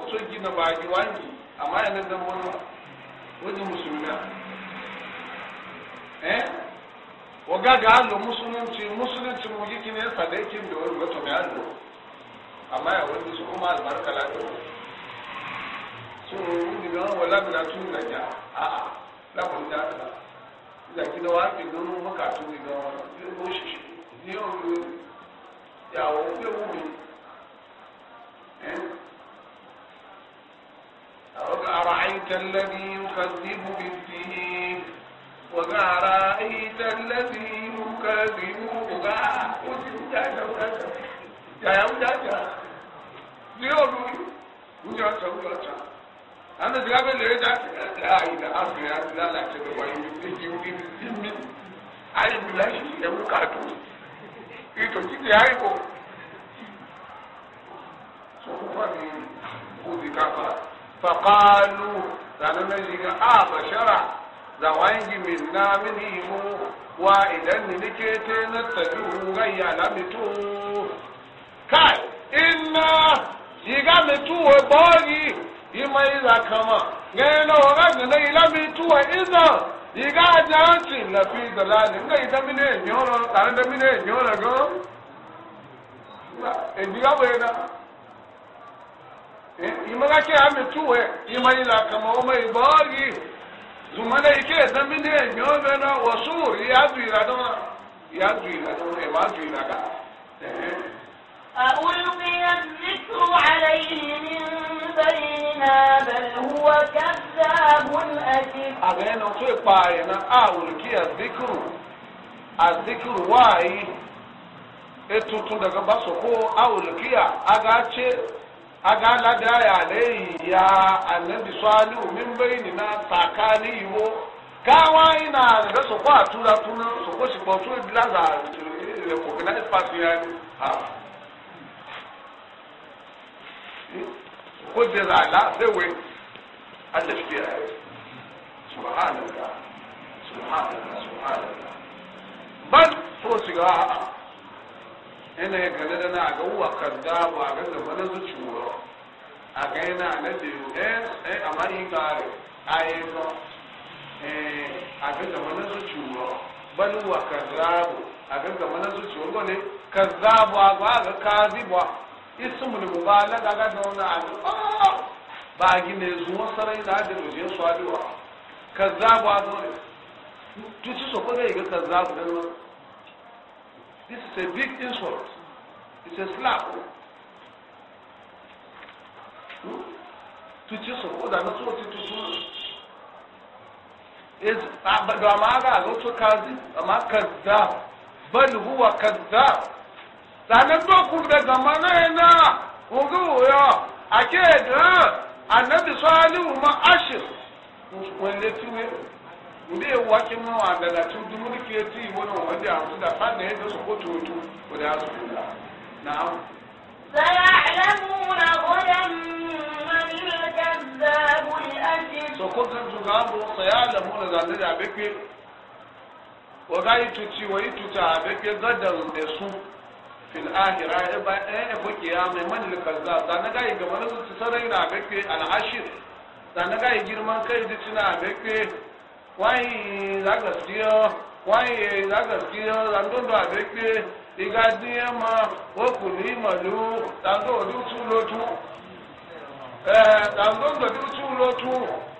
wato gina ba a ji wani amma yana da wani wani musulmi eh waga ga allo musulunci musulunci mu yi kine fada yake da wani wato ga allo amma ya wani su kuma albarka lafiya so wani ga wala bila tun da ja a'a lafiya da ta da kina wa ke gano maka tun ga wani ko shi ne ìyàwó gbé wù mí. أرأيت الذي يكذب بالدين وما رأيت الذي يكذب بما أنا جاب اللي جات لا إلى آخر لا لا تبغى يجيب يجيب يجيب أي بلاش يبغى كاتو ito títí àìkò sọfúnfàmì kúbi kápá fàkàlù lànàmẹ́sìkà àbàṣàrà zawangi min na ah, mini mu wa idan ni nike te na tabi ga ya na mitu kai eh, inna jiga mitu wa bogi yi mai zakama ga na wa ga na ila mitu wa idan Ị aja ntị na fi nga yi dami e na tara dami na enyo go e na, wee na e, imaga ke ame tuwe imani la kama zumana ike na enyo na wasu ya duira ya ألقي الذكر عليه من بيننا بل هو كذاب أثيم أبين أوتي باينا ألقي الذكر الذكر واي etutu daga basu ko awulkiya aga ce aga lada ya dai ya annabi salihu min bayni na tsakani yiwo kawa ina da su ko a tura tura su ko shi ko tura bila za recognize pass ya قدر على ذوي الاشبياء سبحان الله سبحان الله سبحان الله بل توسيغا ina e, e, ya e, gane da na ga uwa kadda ba ga da wani zuciyo a ga yana na da yi eh amma yi gare a yi ba eh a ga da wani zuciyo bal uwa kadda a ga da wani zuciyo ne kadda ba ga kazi ba ismul mubalaga ga don na oh! ba gi ne zuwa sarai da da ruje su aliwa kazzabu a zo tu ci so ko ga ga kazzabu da this is a big insult it's a slap hmm? tu ci so ko da na so ti tu so is ba ah, ma ga go to kazi amma kazzab bal huwa kazzab zanando da zamana yana hungu yo ake ga annabi salihu ma ashir wanda tuwe nde wake ma wanda da tu dumuri ke ti wannan wanda a su da fanne da su ko to to wanda su kula na'am سيعلمون غدا من الكذاب الأشر سقط الجغاب سيعلمون ذلك بك وغاية تتي ويتتا بك غدا لسوء fil akhirah ba e fo kiyama man al da na gai ga manu su sarai na ga ke al ashir da na gai girman kai da tuna ga ke wai za ga wai za ga dan don da ga ke iga ma o ku ni malu dan do du tu lo tu eh dan don du tu lo tu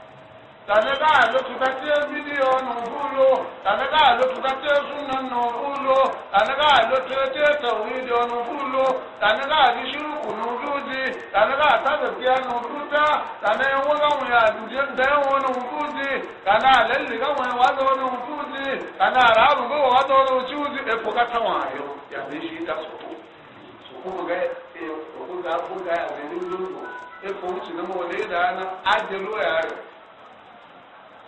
Tanega lotukatie video nuhulo, tanega lotukatie sunna nuhulo, tanega lotukatie tawhido nuhulo, tanega lishuku nuhuji, tanega tadakia nuhuta, tanega waga ya dudeo nuhuji, kana lelli gawa wado nuhuji, kana rabu gawa wado nuhuji, epokata wayo, ya bishi tasutu. Sukumu gaya, sukumu gaya, sukumu gaya, sukumu gaya, sukumu gaya, sukumu gaya, sukumu gaya, sukumu gaya, sukumu gaya, sukumu gaya, sukumu gaya, sukumu gaya, sukumu gaya, sukumu gaya, sukumu gaya, sukumu gaya, sukumu gaya,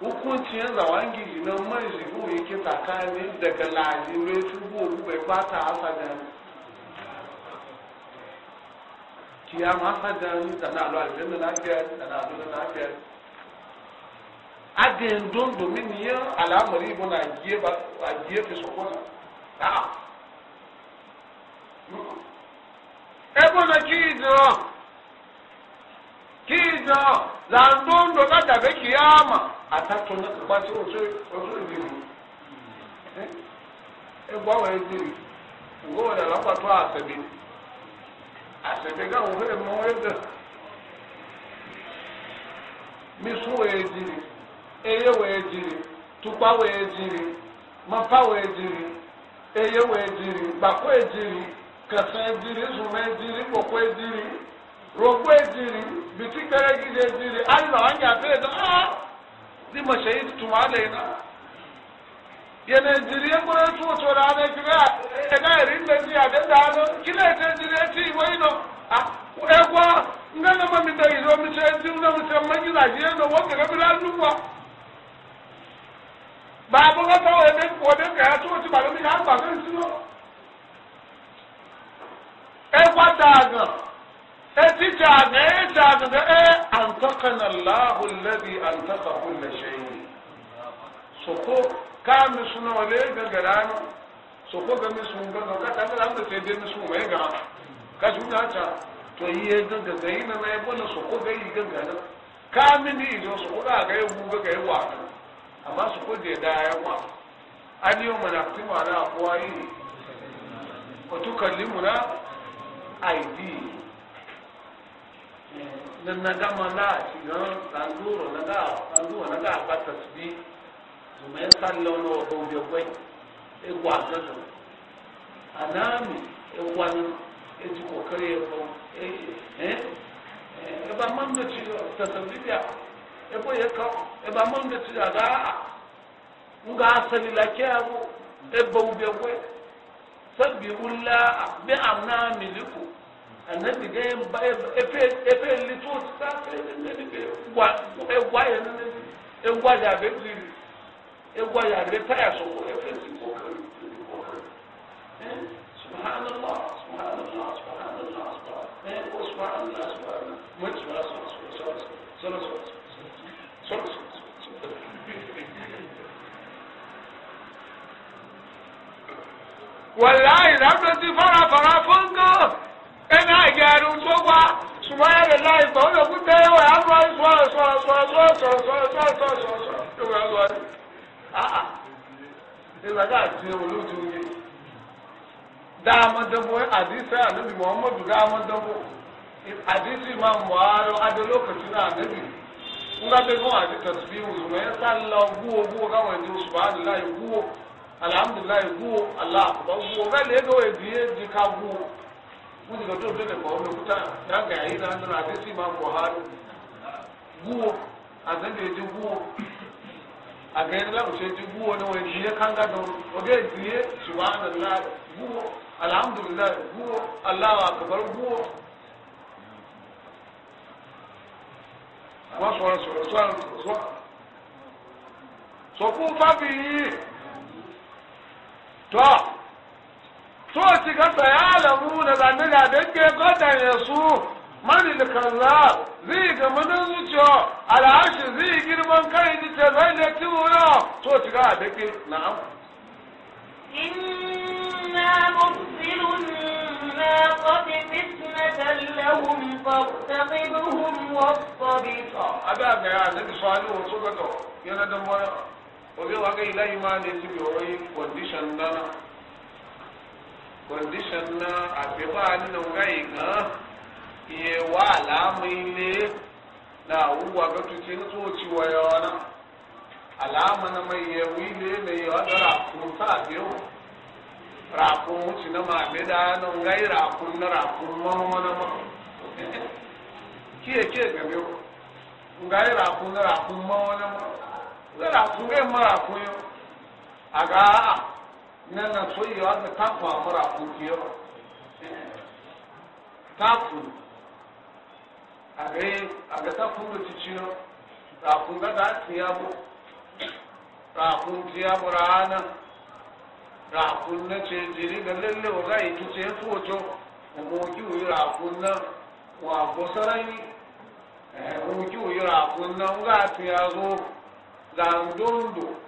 hukuncin zawangi na man shigo yake tsakanin daga lajirai shigo bai bata hasadan kiyam hasadan da na alu na lafiyar da na alu lafiyar adin don domin yin al'amari ba na gefe sokona a'a ebe na ki idiro kijo landondo kadabe kiyama atatona kwati otulimu eh? egwa weziri ngowona lakwatwa asebe asebe gawuhemoweza misu weziri eye weziri tukpa weziri mapa weziri eye weziri gbakwa ejiri kasa ejiri ejiri kpokwa ejiri roko ejiri biti kpere gidi ejiri anyị na ọnya edo a dị ma shahid tumale ya na ejiri ekpere etu ụtụ na anụ ekiri ega eri ndị ya dị ndị kila ejiri eti iwe ino a nga na mami da izo ezi nna mi se mmanyi na ji eno nwoke gẹgẹ bi la wa ka ebe wo ka kẹyà tó ti bàbá mi ẹtí jàǹgà ẹ jàǹgà ẹ àǹtọ́kànnà láàbù lẹ́bi àǹtọ́kàkù lẹ́sẹ̀yìn. soko káàmì sunu ọ̀lẹ́ gàgàrà nù soko gàmì sunu gàgà kàtà kàtà ń tẹ̀sẹ̀ dẹ́mi sunu wẹ̀ gà kàtà ń tà tó yíyẹ gàgà gàyí nana ẹ bọ́nà soko gàyí gàgà nà káàmì ní ìjọ soko gàgà ẹ wú gàgà ẹ wà àmà soko dẹ̀ dà ẹ wà á ní ọmọ nà tí wà ayé òtún kàlí mu ná àìdí nanagama la shigan sanduro naga sanduro naga agba tasbi zuma ya sallọ na ọgbọ obi ọgbẹ egwu agaga anami egwu anyị eji kokari egwu ebe ama mbe chi tasabibia ebe ya ka ebe ama mbe chi aga nga asalila kyabu ebe obi ọgbẹ sabiwula bi anami liku anabi gẹ efe efe lito sa ewa ewa yẹ nane ewa yẹ abe biri ewa yẹ abe taya so efe si ko kari ko kari ẹ subhanallah subhanallah subhanallah ẹ o subhanallah subhanallah mo ti sọ̀rọ̀ sọ̀rọ̀ sọ̀rọ̀ sọ̀rọ̀ sọ̀rọ̀ sọ̀rọ̀ sọ̀rọ̀. wàláyé lábẹ́ ti fara fara fún gan. ẹni àgẹrù tó wá ṣùgbọ́n ẹ̀rọ láì gbọ́ ó lòkú tẹ́ ẹ̀wọ̀ àbúrò ìṣọ́ ìṣọ́ ìṣọ́ ìṣọ́ ìṣọ́ ìṣọ́ ìṣọ́ ìṣọ́ ìṣọ́ ìṣọ́ ìṣọ́ ìṣọ́ ìṣọ́ ìgbà tá a àdìsẹ́ ànábì mọ́mọ́dù dáamọ́dọ́bọ̀ àdìsí máa mọ̀ àárọ̀ adolókòtì náà ànábì ńgbà pé fún àdìsẹ́ tìbí ìwòsàn sá lọ wúwo wúwo káwọn alhamdulilayi wúwo bẹ́ẹ̀ mun ga to da ko mu kuta ya ga yi da nan hadisi ma ko har buwo azan da ji buwo a ga yanda mu sai ji buwo ne wani ji kan ga don o ga ji subhanallah buwo alhamdulillah buwo wọ́n sọ̀rọ̀ sọ̀rọ̀ sọ̀rọ̀ sọ̀rọ̀ sọ̀kún fábìyì so ci ga tsayalamu na zanne da dange godan ya su mani da kaza zai ga manin zuciya alhashi zai girman kai ji ce zai ne ci wuya so ci ga dake na'am إنا مرسل الناقة فتنة لهم فارتقبهم واصطبر أبا يا النبي صلى الله عليه وسلم يا ندم وبيضا إليه ما نتبعه condition دانا condition na àgbẹ̀bá nínú nga yìí gan iye wà láàmú ilé na àwùwà bẹ tuntun ní tó ti wọ̀yọ̀ ọ̀nà àlàámú na ma iye wù ilé na iye ọ̀dọ̀ ràkùn sáàbí o ràkùn ti na ma àgbẹ̀dá nínú nga yìí ràkùn na ràkùn mọ́wọ́ na mọ́ kíyè kíyè gàbẹ́ o nga ràkùn na ràkùn mọ́wọ́ na mọ́ nga ràkùn yẹn mọ́ ràkùn yẹn àgá. nana soyi wa ka a amura kuki ga tapu agre aga tapu do tichiro tapu ga da tiyabo tapu bu rana tapu na ce jiri da lalle wa ga ki ce foto ko ki uyi tapu na wa ko sarani eh ko ki uyi tapu na ga tiyazo ndondo.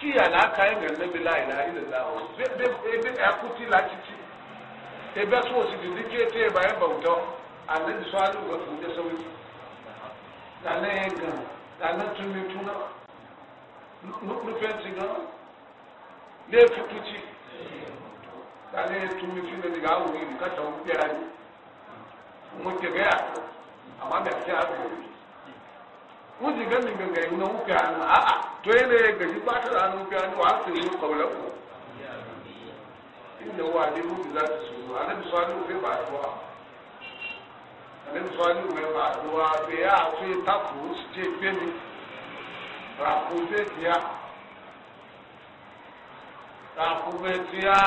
kiya la aka yi ngana bi la ila ila la o be ebe akuti la titi ebe so o si di dike te ba ye bawutɔ ale ni so alu ka tun dɛsɛ wi ale ye gan ale tun mi tun na nufɛn ti gan ne tutu ti ale ye tun mi tun na diga awo yi ka tɔn kpɛra yi mo tɛgɛ a ma mɛ fɛn a bɛ wuli. wuzi ga gangare na wuka hannu a'a to yana gaji ba ta ranar wuka hannu a sai yi kawai inda wa ne mutu za ta su a nan sani ba a nan ba bai ya a su ta kuru su ce femi rakufe biya rakufe biya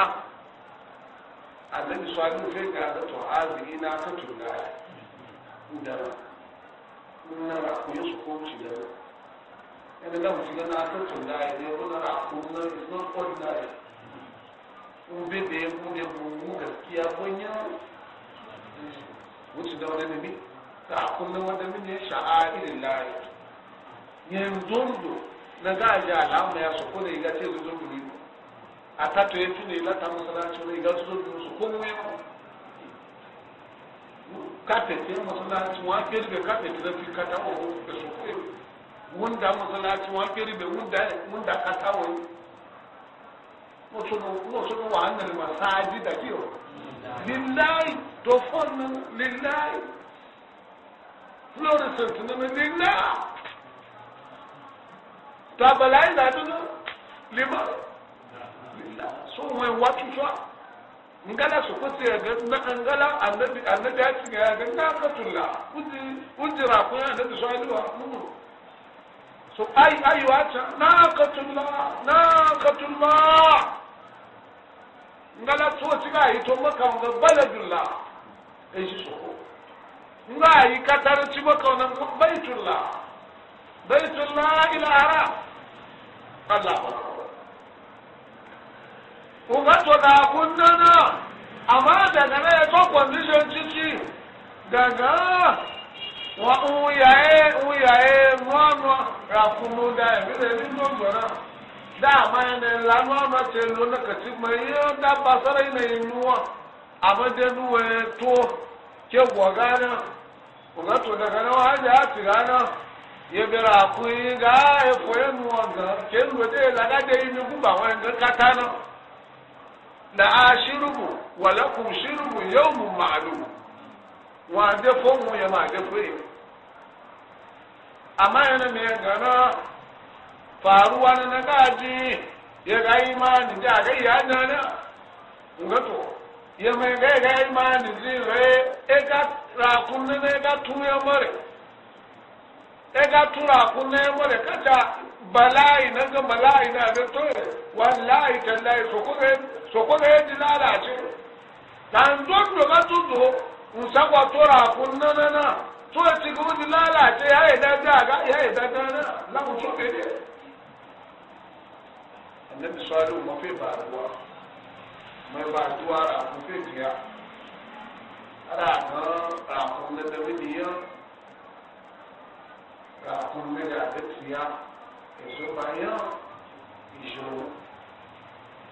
a nan sani ga da to hazi na ta tunaya nara kuye su ko ci da yadda da mutu gana ta tunda ya ne ko nara kuma is not ordinary in bai da ya bude mu gaskiya kunya wuce da wani da bi ta kuma wanda min ya sha'airin layi yanzu na gaji alama ya su kuna iga ce zuzo guri a tato ya tuna ila ta masana ce wani iga zuzo guri su kuma kafet ya masallaci wa ke ribe kafet na fi kata o da su kwe wunda masallaci wa ke ribe wunda wunda kata o mo sunu wa annal masaji da kiyo lillahi to fon lillahi fluorescent na me lillahi ta balai da tuno lima lillahi so wai watu so ngala su kusi ya ga na ngala annabi annabi ya ci ya ga na ka tulla kusi ujira ko ya annabi sallallahu alaihi wasallam so ai ai wa ta na ka tulla na ka tulla ngala to ci ga yi to maka ga baladulla e shi so nga yi ka tar ci maka nan baitulla baitulla ila ara Allah ugato e, e, e, da kunnana amma daga na ya to condition ciki daga wa uyaye uyaye nwanwa rakunu da ya bi da ni nwanwa da ma ya ne la nwanwa ce lo na kaci mai yo da basara ina inuwa amma da duwe to ke gwagana ugato daga na wa ja tigana yebere akuyi ga efoye nuwa ga ke nwe de la ga de imi kuba wa nga katana làásírùbù wàlákùn sírùbù yóò mú màálù wọn adé fóònù yẹn máa adé fóònù yẹn amma yana mai gana faruwa na na gaji ya ga imani da ga iya nana ngato ya mai ga ga imani ji re e ga rakun ne ne ga tu ya mare e ga tu rakun ne mare kata bala'i na ga bala'i na ga to wallahi tallahi so ko sokoga yadda lalace ɗandon da ba su zo in sakwa tora kun na na na to e ya ci e gaba da lalace ya yi dada ga ya yi e dada na na mu so ne annabi salihu mafi ba ruwa mai ba duwa a mafi jiya ana kan rakun na da miliyan rakun na da da tiya ya so bayan ijo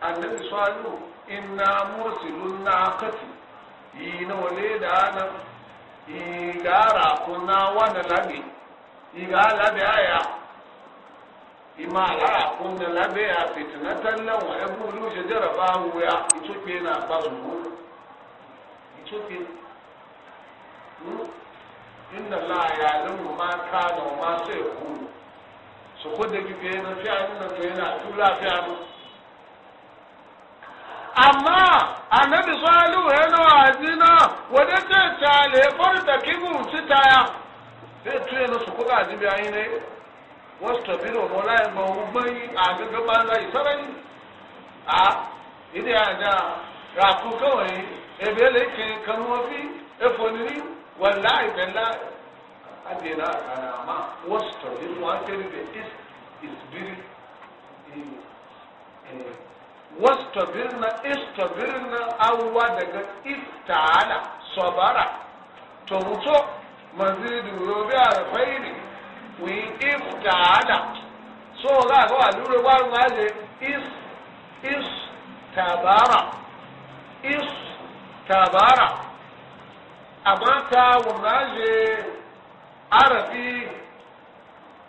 annabi salihu inna musilun na kati yi na wale da na yi gara kuna wani labe yi ga labe aya ima alara kuna labe ya fitinatan nan wa ya bulu shi jaraba wuya ito ke na ba su mu ito ke inna la ya lamu ma kana ma sai ku su kudu gibe na fiya nuna to yana tula fiya nuna amma annabi salihu yana wazina wadda ta tale bar da kibu ci taya zai tuye na su kuka ji biyayi ne wasu tabiro mola ya ba ubai a gaggaban zai sarai a ide ya da rafu kawai ebe lake kan wafi efoniri wallahi bella adina anama wasu tabiro wa kere da is is biri wastabirna istabirna awwa daga ista'ala sabara to mutu mazidu robe arfaini wi ista'ala so ga ga alure wa ngale is is tabara is tabara abata wangaje arafi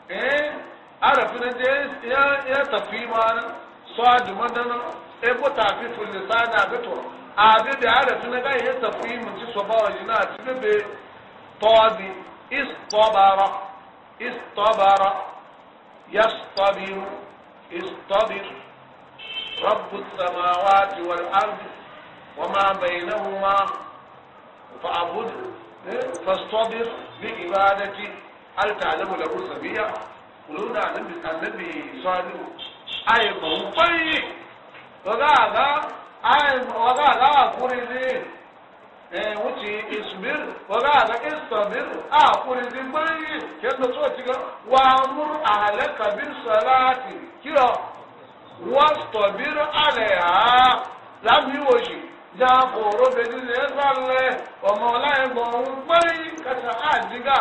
eh arafi na je ya ya tafi mana sọ́ọ̀dì mọ́dáná ebó tàbí tòlè sáádà àbí tòrọ̀ àbíbi àrẹ̀ tó nígbà yìí tẹ̀ fún ìmù tí sọ̀bà ọ̀yìn náà ti bèbè tọ́ọ̀dì ìstọ́bàrà ìstọ́bàrà yastọ́bìrù ìstọ́bìrù rọ́bù sàmáwá ti wọ̀lé àrùn wọ́n máa bẹ̀yìn náà wọ́n máa fa àbúdù fastọ́bìrù bí ìbáradẹ́tì alìtàlẹ́mù lẹ́kùn sàbíyà kùlù náà níbi sọ́ọ̀dì aimon kwayi waga aga waga aga wa kurizi eh wuce isbir waga aga istabir a kurizi kwayi kendo so tiga wa mur ahlaka salati kiro wastabir alaiha lami woshi ja koro be ni le zalle o mo kata ajiga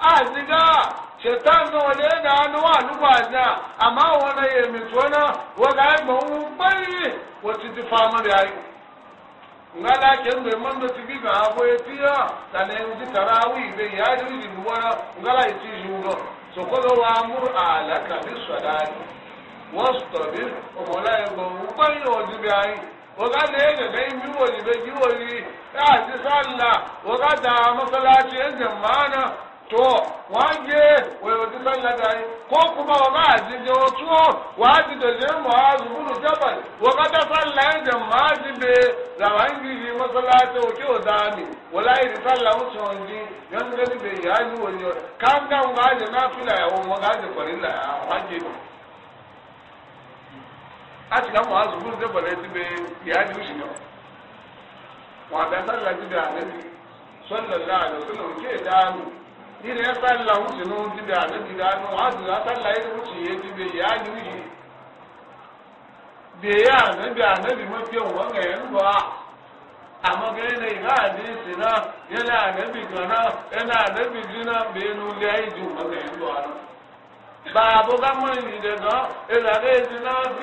ajiga Cheta ga wale da hannu wa nufa na amma wani ya mai tona ya ba wu bayi wacce ti fama nga da ke ndo do ti ga abo e tiya da ya ji nga ti jugo so ko wa ala ka bi o mola e go wu bayi ayi ga ga mi ji ya ji sallah waga da masallaci to waje wayoji sallata yi ko kuma wa ba a jije wa ji da je mu a zuburu jabal wa kada sallayin ji wa wala yi da sallah musu wanji yan gani bai na ya wani gaji farilla ya na ya haji iri salla wuce nun dibe a nan dida nun wasu za salla ya wuce ya ya yi wuce ya nan bi a bi ba ya ga ga na yana annabi kana yana annabi jina be nun da yi jin wanga yan ba baabu ka mọ ìdè náà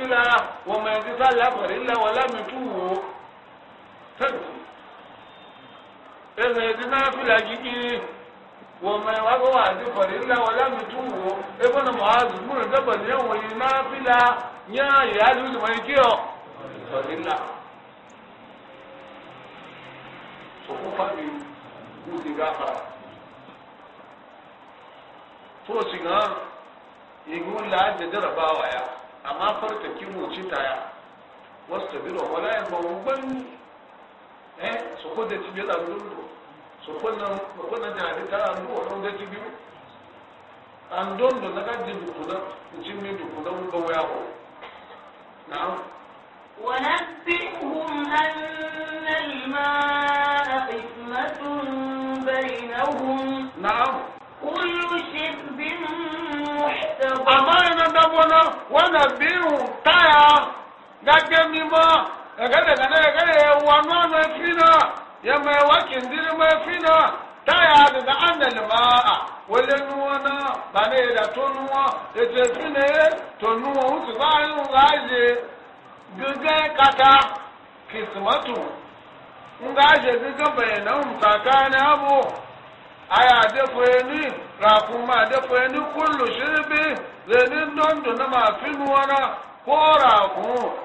ìlànà وما وقوع ذكر إلا ولم توه ابن معاذ بن جبل يوم النافلة يا يا لوز ما يكيو فإلا صحوفا من قوت غافرة توسينا يقول لا جدر باوايا أما فرق كيمو تشتايا واستبيرو ولا ينبغوا بني eh so ko da tibe da lulu sokonnan sokonnan jaani kala ndu wonon de ci bimu an don do naga ji du kuna ci mi du kuna mu ba waya ko na'am wa nabihum anna al-ma'a qismatun bainahum na'am kullu shirbin muhtadar amma ina da bona wa nabihum taya gagge mi ma gagge gagge gagge wa nwa na fina ya mai wakin dirma fina ta ya da annal ma'a wale nuwa na ba ne da to nuwa da ce fina to nuwa hutu ba yin gaje gaga kata kismatu in gaje gaga bayanan tsakanin abu aya ya ni rakuma da ni kullu shirbi zanin don na mafi nuwa na ko rakun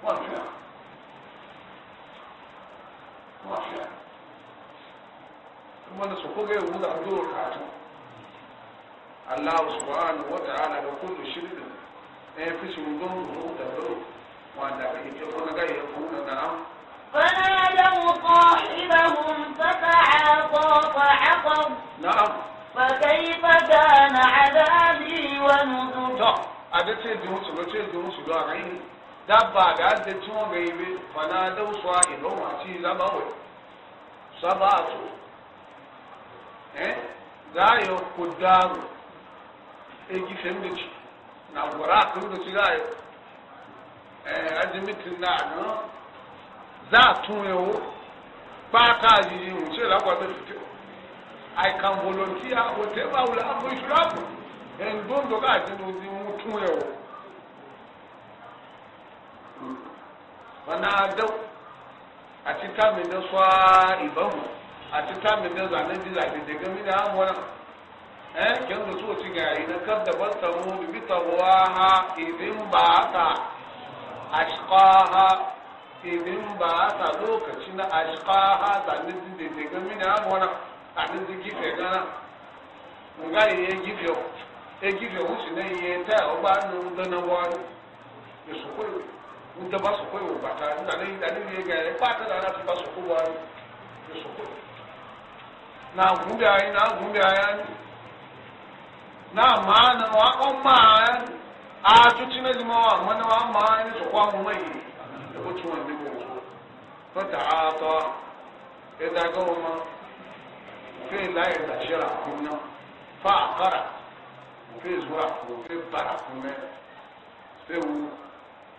الله سبحانه وتعالى وكل شرد ينفس وجوه وتدعو وأن يكون غير يكون نعم فنادوا صاحبهم فتعاطى فعقر نعم فكيف كان عذابي ونذر لا أبدا تدعو سبحانه وتعالى dabba ga da tun ga fana da uswa ilo ci zaba we eh e na gora kun da ci ga eh na no za tun yo pa ka ji mu ce la kwa da fito i can volunteer whatever will happen tun fanadau ati tami ne swa ibahu ati tami ne zane dila de de gami da amwana eh kin da so ci ga ina kar da basta mu bi ha idin ba ta ashqaha idin ba ta lokacin na ashqaha zane de de gami da amwana ani di gife gana nga ye gife o e gife o si ne ye ta o ba nu dana wa ya su ko ń tẹ́ bá na gúnbẹ̀ ayé na gúnbẹ̀ ayé na máa na wà ọ́ máa àtúntí náà ti máa wà na wà máa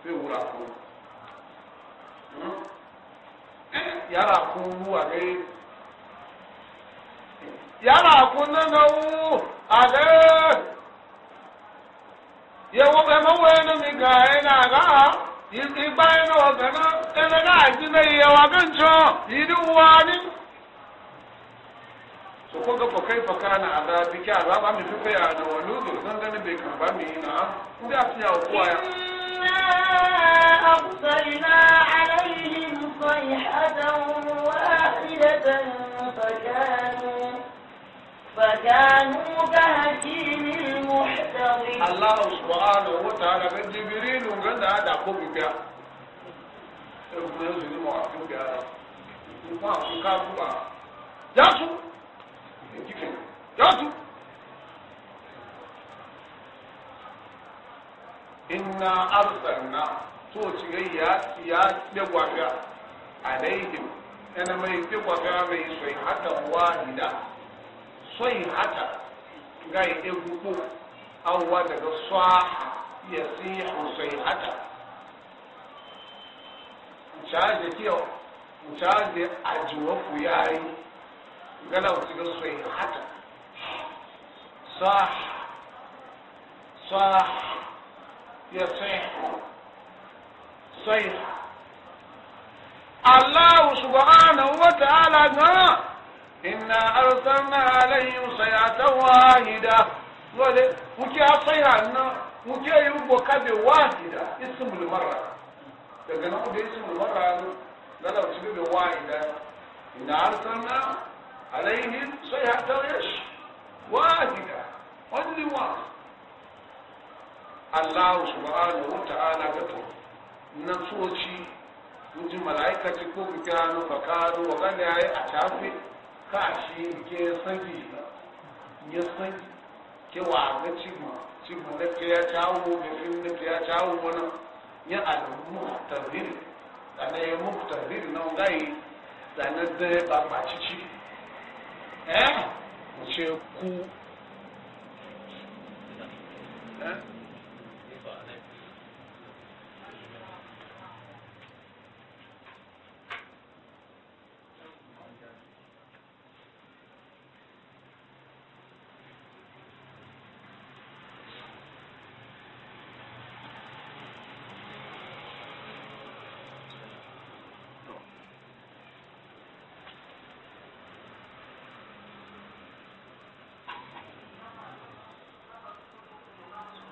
sai wura ko yàrá kun wu àgé yàrá kun nana wu àgé yewu ẹmẹ wo ẹnu mi gà ẹ nà gà ìgbà ẹnu ọgànà ẹnu náà jí ní iye wa bí n jọ ìdí wa ni. sọkò gbọ́ فكانوا كهشيم المحتضر الله سبحانه وتعالى من جبريل وقد هذا قبك ربنا يزيد معافيك يا رب معافيك يا رب يا رب inna arsalna to ci ya ya de gwaga alaihim ana mai de gwaga mai sai hata wahida sai hata ga ide gugu awwa daga swa ya si sai hata chaje kiyo chaje ajuwa fuyayi gana wuce ga sai hata sah sah يصيح صيح الله سبحانه وتعالى قال إنا أرسلنا عليهم صيحة واحدة ولي وكي أصيحة وكي يبقى بواحدة اسم المرة لكن هو اسم المرة لا لا تبقى بواحدة إنا أرسلنا عليهم صيحة إيش واحدة only one Allah subhanahu wa ta'ala gato na soci mutum mala'ika ci ko ku kira nu fakaro wa gane yayi a tafi ka shi ke sanki ya sanki ke wa ga cimma cimma na ke ya tawo ga fin na ke ya tawo wani ya al-muhtarir dana ya muhtarir na ngai dana da ba ba cici eh mu ce ku eh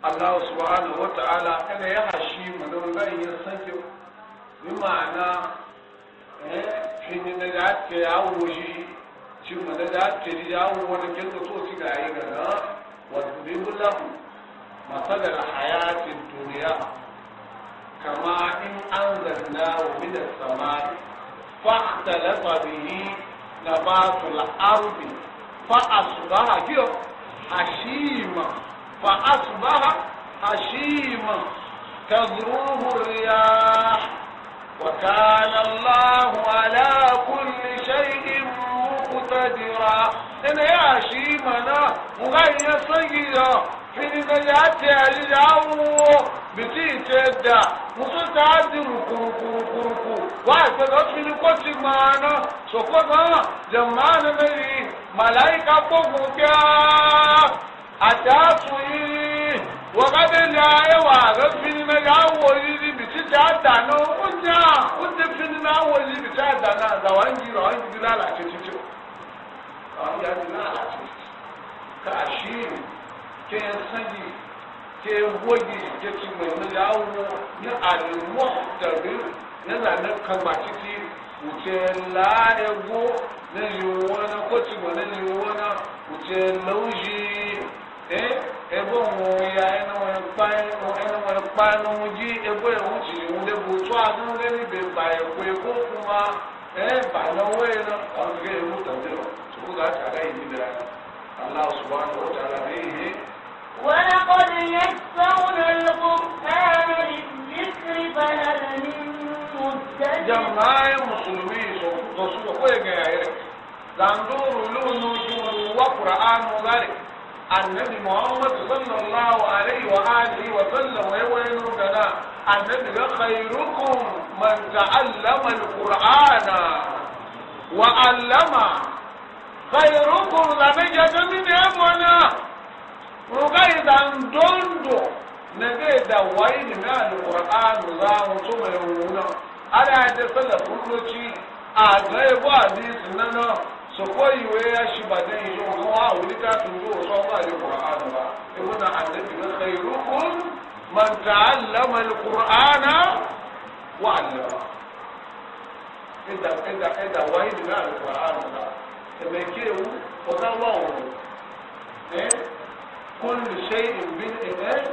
الله سبحانه وتعالى كان يحشي مدر الله يستجب بمعنى حين نجعتك يا أوجي ثم نجعتك يا أوجي ونجل توتك عينا واتبه له مثل الحياة الدنيا كما إن أنزلناه من السماء فاختلط به نبات الأرض فأصبح هشيما فأصبح هشيما تذروه الرياح وكان الله على كل شيء مقتدرا إن يا هشيمنا مغير سيدا في نجاتي أجدعوه bìtì ìtẹ da muso ta diru kurukurukuruku wa ìtẹ̀lẹ̀ fili kó ti máa ná sọ̀kọ́ náà jẹ̀ máa nínú yìí màláyíká kó gùn kíá. àtàkùnrin wàkàtí ní ayé wà rẹ fini mẹ yà wò yìí níbi títí àdánù ó nyà ó ti fini mẹ àwò yìí níbi títí àdánù àzàwà ń yìí rọ ń yìí lálà títí àwọn yà ní lálà títí kàṣíìrì ebo ŋun ya ene ŋun kpan ene ŋun kpan ŋun dzi ebo ye ŋun tsi ŋun de bo tso adu ŋun leni be ba ye ko ye ko kuma ba na wo ye na awo ge ye ŋun tɔn de o sugu ka ta ka yi ni dira ala subahana wa taala be ye. ولقد يسرنا القرآن للذكر فهل من مدكر جماعة مسلمين رسول الله يقول لك زندور لون نجوم وقرآن غريب annabi muhammad sallallahu alaihi wa alihi wa sallam wai wai nurgana annabi ga khairukum man ta'allama alqur'ana wa 'allama khairukum la ne jaga min ne mona rugai dan dondo na ga da wai ne na alqur'an za mu tuma yau ala da sallallahu alaihi a ga ba hadisi sọ̀kọ́ ìwé aṣèbàdé yìí wọn wá òníta tuntun wọn sọ́kọ́ àlè kùránù wa ewu na àdébì ní khairukum man ta'allama al-Qur'ana wa 'allama ẹ̀dà ẹ̀dà ẹ̀dà wáyé nínú àlè kùránù ẹ̀mẹ̀ kí ewu ọ̀gá wà òun ẹ̀ kullu shay'in bil ẹ̀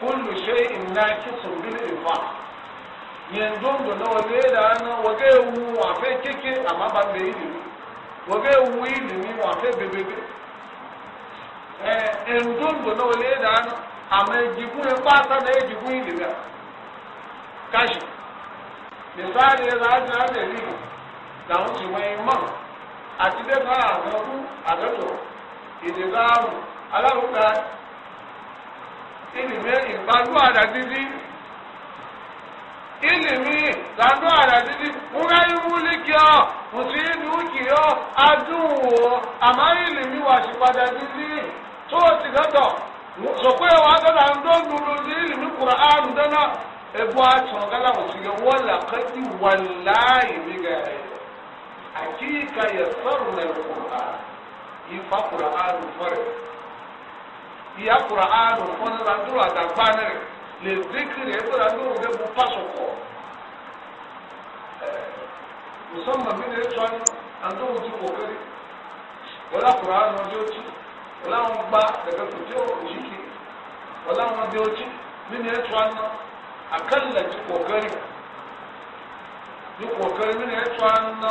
kullu shay'in naqisun bil infaq yẹn dondo náà wọ́n lé dáná wọ́n kẹ́ ewu àfẹ́ kéke àmàbàgbé yìí wobe wili mi wa fe bebebe eh endondo no le dano amejibu e pata na ejibu ili ya kashi misali ya zaji na ne ligo da un ti wen mo ati de ba adobu adodo idegaru alaruka ili me ibalu ada didi ilimi lanu aradidi murayimuliki musinukiyo aduwo ama ilimi wasipadadidi tó ti dọdọ sọpé wa dọdọ ndọndọdọ di ilimi kura'an dana ebu atọ gala wosige wala kati walayi mi gẹrẹ akika yẹ sọrọ na kura'an ifa kura'an fọrẹ iya kura'an fọrẹ lantoro adagbanere le zikiri ebe na ndị oge bụ pasụpọ musamman bi na etu anyị na ndị otu kokari wala kura na ọjọ otu wala ahụ gba daga kujo ojiki wala ahụ ọjọ otu bi na etu anyị akalla ji kokari ji kokari bi na etu anyị na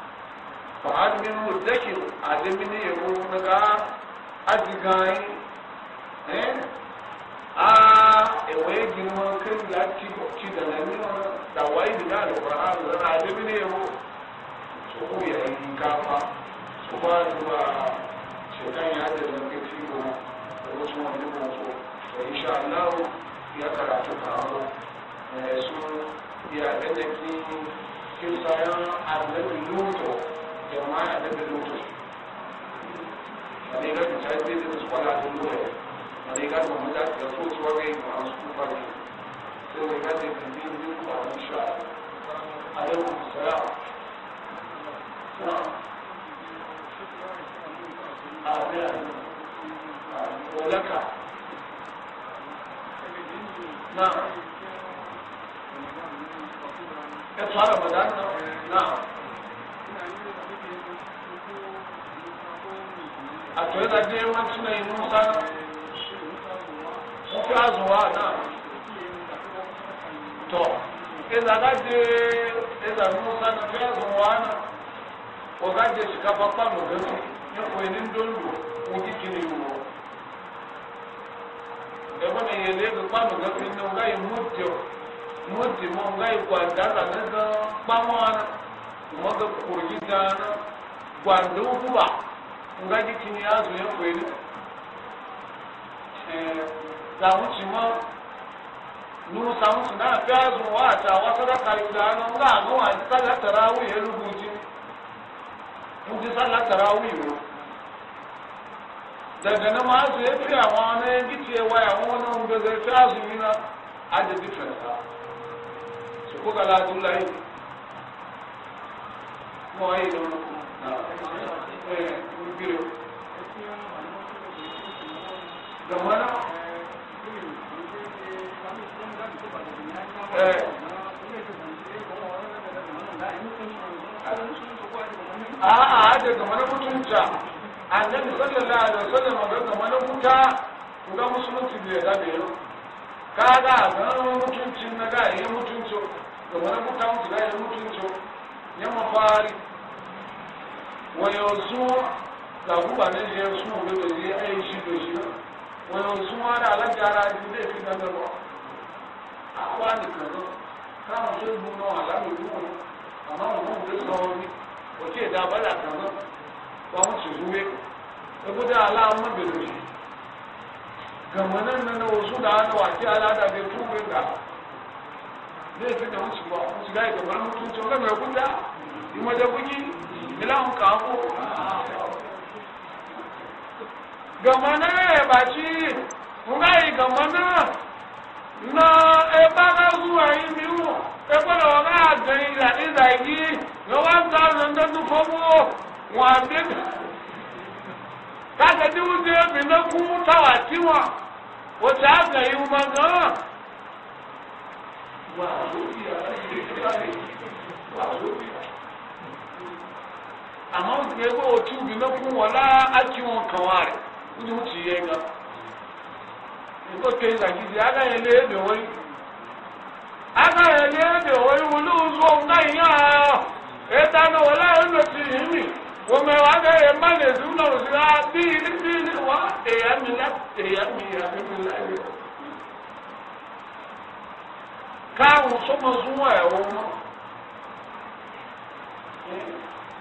fa'adminu dakin adamini yabo na ga ajigayi eh a ewe girman kan ya ci ci da nani da wai da da qur'an da adamini yabo so ko ya yi kafa so ba zuwa shekan ya da da ke ci ko ko su wani ko so to insha Allah ya karatu kawo eh su ya da ke kin sayan annabi lutu يوم معايا قبل الموت يعني جت مش عايز تدرس ولا هتقولوها يعني جت وعملت جاسوس وجهي وعلى صوت وجهي سوي جت في الدين دي وعلى الشعر عليكم السلام آمين ولك نعم اطهر بدننا نعم àtọ́yẹ́dàdé wọ́n ti náà inú sá wọ́n fi azùn wá náà tọ́ ẹ̀dàdàdé ẹ̀dàdé musa náà fi náà ọ̀gá jẹ sikapa pàmò gẹ́gẹ́ nípa ẹni wọ́n wọ́ ẹ̀wọ́n yẹn ní ọ̀gá yìí mú tẹ̀ mú tẹ̀ mọ́ ọ̀gá yìí kọ́ gẹ́gẹ́ nga gi kini ya zo yin kweli da ma nu samu su na fi azu wa ta wasu da kalila nga azu wa ji sallar tarawih ya rubuci in ji sallar tarawih ne daga na ma azu ya fi awon na ya gi ce wa ya wani nga zai fi azu yi na adadi fenta su kuka ladun layi. Mọ̀ ẹ́ ìlú. Gimana? Eh. A'a, da gamanin mutunta, annabi sallallahu alaihi wasallam ga gamanin muta, ku ga musulunci bai da bai Kaga ganin mutuncin na ga yin mutunci, gamanin muta mutu ga yin mutunci, yamma fari wọnyọnsu lakuba ne yẹ su wo bẹ yi ẹ yi si do si na wọnyọnsu wa da ala jara di ne fi na bẹ bọ akpa nìkan lọ káwọn tó dùn náà alámi dùn wọn àmọ́ wọn kò tó sọ wọn ni òtí ẹ̀dá abala kan lọ wọn sì fún wé ebi dá ala ọmọ bèrè si gàmọ́nà nana oṣù dáa náà wà á ti ala dàbí fún wé gbà ne fi na wọn sì wá wọn sì láyé gàmọ́nà tó ń sọ ọlọ́mọ ẹ̀kú dá ìmọ̀jẹ̀ fún yín bilan kafu gamana ba ci ngai gamana na eba na zuwa yi miwu ebe na wani agani da izagi na wanda nan da nufa mu wande kaga di wuje bi na ku tawa tiwa wace aga yi magana wa rubiya wa rubiya àmọ́ ó ti gbé bí mẹ́kún wọ́n lá wọn kàn wá rẹ̀ ó ti mú ti yẹ gan. Èkó ke ìgbàgídì agáyẹ lé èdè wọn yìí. Agáyẹ lé èdè wọ́n yìí wọ́n sọ ẹ̀ta náà yìí mì. má lè dùn náà sí wa bí ilé bí ilé èyà ẹ̀ wọ́n mọ́.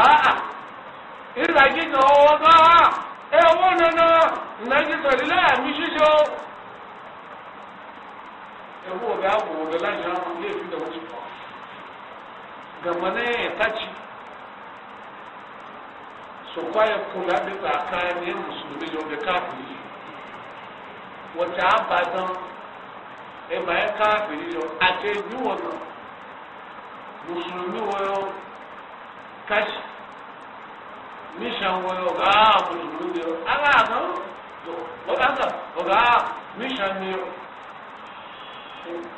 a'a ìrà gíga ọwọ́ bá ẹwọ́ nana nàìjí sọ̀rí láàmì ṣíṣọ́ ẹwọ́ ọ̀gá àwòrán láyé àwọn ilé ìfúnjẹ wọn ti fọ́ gamane ẹ̀ka jì sọ̀kọ́ ẹ̀kọ́ láti sàkà ní mùsùlùmí yóò dé káàkiri wọ́n ti àbàdàn ẹ̀bà ẹ̀ka àbèrè yọ àti ẹ̀dúwọ̀n náà mùsùlùmí wọ́n yọ. kashi mission wo ọ̀gá àbùsùlù mi o ara àná ọ̀gá àná ọ̀gá mission mi o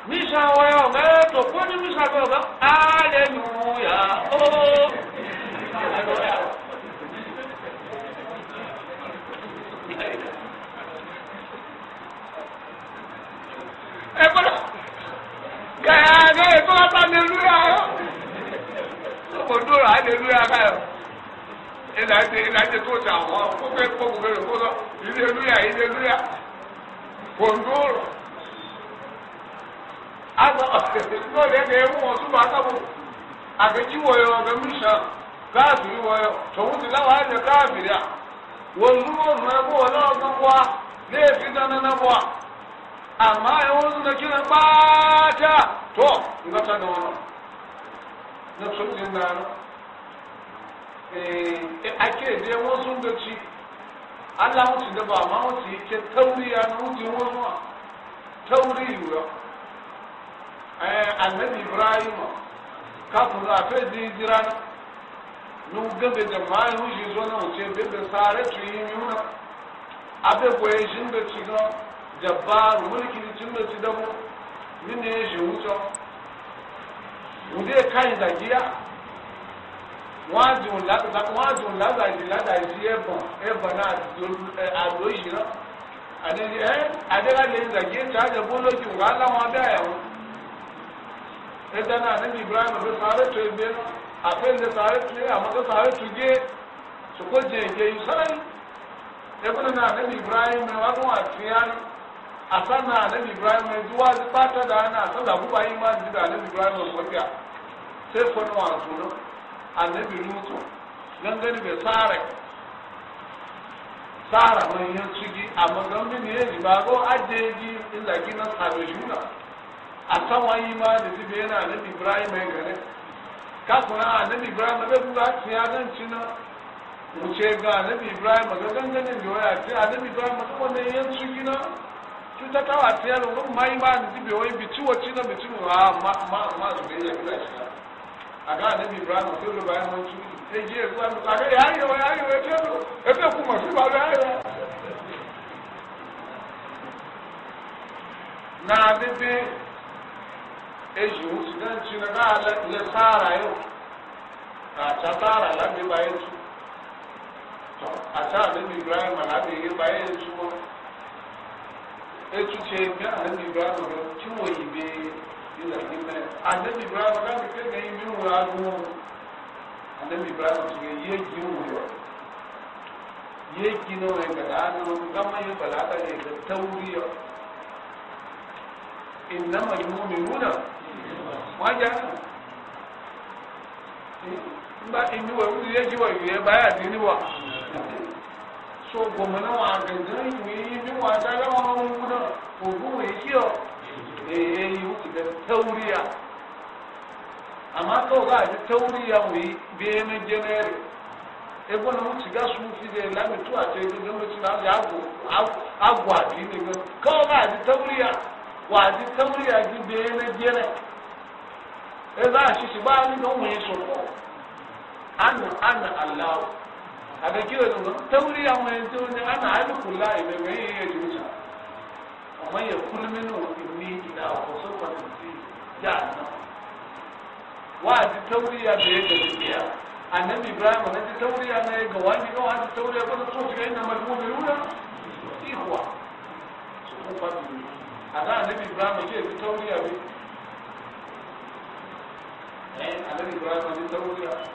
mission wo ọ̀gá ètò kó ní mission mi ọ̀gá aleluya ooo ẹ gbọ́dọ̀ gàdá ẹ gbọ́dọ̀ bá mi lúra o kodoro hallelujah kayo ìlàjẹ ìlàjẹ tó ṣe àwọn kókè kókè rẹ kókò hallelujah hallelujah kodoro azọ lórí ẹgbẹ ewu wọn tún bá sábò àgbẹjì wọyọ ọgbẹ mìíràn káàkiri wọyọ tòun ti láwọn àjẹ káàkiri à wọn dúró nù ẹgbẹ wọn náà gbogbo wa léèfì dáná náà bọ àmọ́ ẹ̀wọ̀n tó ń kí ni pátá tó ń gbàtà náà na sunni na eh ake da wasu da ci Allah mutu da ba ma mutu yake tauriya na mutu wasu tauriyu eh annabi eh, ibrahim kafin a fe di jira nu gabe da ma hu shi zo na mutu be be sare tu yi yuna abe boye shin da ci ga jabbar mulki ni cin da ci da mu shi wuce wùdí ẹ̀ka ìdàgíyà wọ́n á dùn lázàjì ládàjì ẹ̀bọ̀n ẹ̀bọ̀n náà àdó yìí rán àdéhùn ẹ̀ adéhàlẹ̀ ìdàgíyà káàdé bólójì wà láwọn abẹ́ àyàwó náà níbi ibrahim ló sáré tó ẹgbẹ́ àpéǹde sáré tó yẹ àmọ́ sáré tó gé sòkò ẹ̀jẹ̀ yìí náà níbi ibrahim náà wà lóhùn àtìyá a sanna annabi ibrahim ne zuwa fata da ana san da ku bayin ma ibrahim ko kiya sai ko a sunan annabi lutu nan gani be sare sara mai yan cigi amma gambi ne ji ba go ajeji illa kina sabe juna asanwa san wa imani zibe yana annabi ibrahim ne gane ka kuna annabi ibrahim be ku ga tiyagan cinan mu ce ga annabi ibrahim ga ganganin da waya ce annabi ibrahim ma wannan yan cigi na tuta ta wa tiyar wurin ma yi ma ni zibe wai bici wacce na bici mu ma ma ma a ga annabi ibrahim sai da ya zuwa ka ga yayi wa ya wa ya ce ba na bibi eji wuce dan ci na ga la sara a ta sara la bi bayan su a etu tse mi anabi ibrahima lọ tí wọn yìí bẹ yíyá yìí mẹ anabi ibrahima láti fẹ kẹyìn mi wọ adùn anabi ibrahima tó yẹ yé jí wọ yọ yé jí náà wọn gbàdá nù gbàmà yẹ gbàdá ta yẹ gbà tẹwúrú yọ ìnáma yìí mú mi wúnà wọn já nba ìníwọ̀ ìwúlẹ̀ yé jí wọ̀ so goma na wa gangan ga wa mun gudan tauriya ji tauriya wi biye ne jenere e bona mu ga su fi de la mi tu a te de ci na ya go agwa di ne ga ga ji tauriya wa ji ji e za shi shi ba so ko ana àbẹ kí o lọ tẹwúrí àwọn ẹni tó ní àná àlùkò lá ìwéwé yẹ yẹ tó sà ọmọ yẹ kúlú mi náà ti ní ìdá ọkọ sọpọ ti ti yá àná wá àti tẹwúrí yà bẹ yẹ tẹlẹ bíyà ànábì ibrahim ọ̀nà ti tẹwúrí yà náà gàwá ni náà àti tẹwúrí yà kọ́ tó ti yẹ nàmà tó wọlé wúlá ìhùwà sọpọ pàtó yìí àná ànábì ibrahim ọ̀nà ti tẹwúrí yà bẹ ẹ ànábì ibrahim ọ̀nà ti tẹwúrí yà bẹ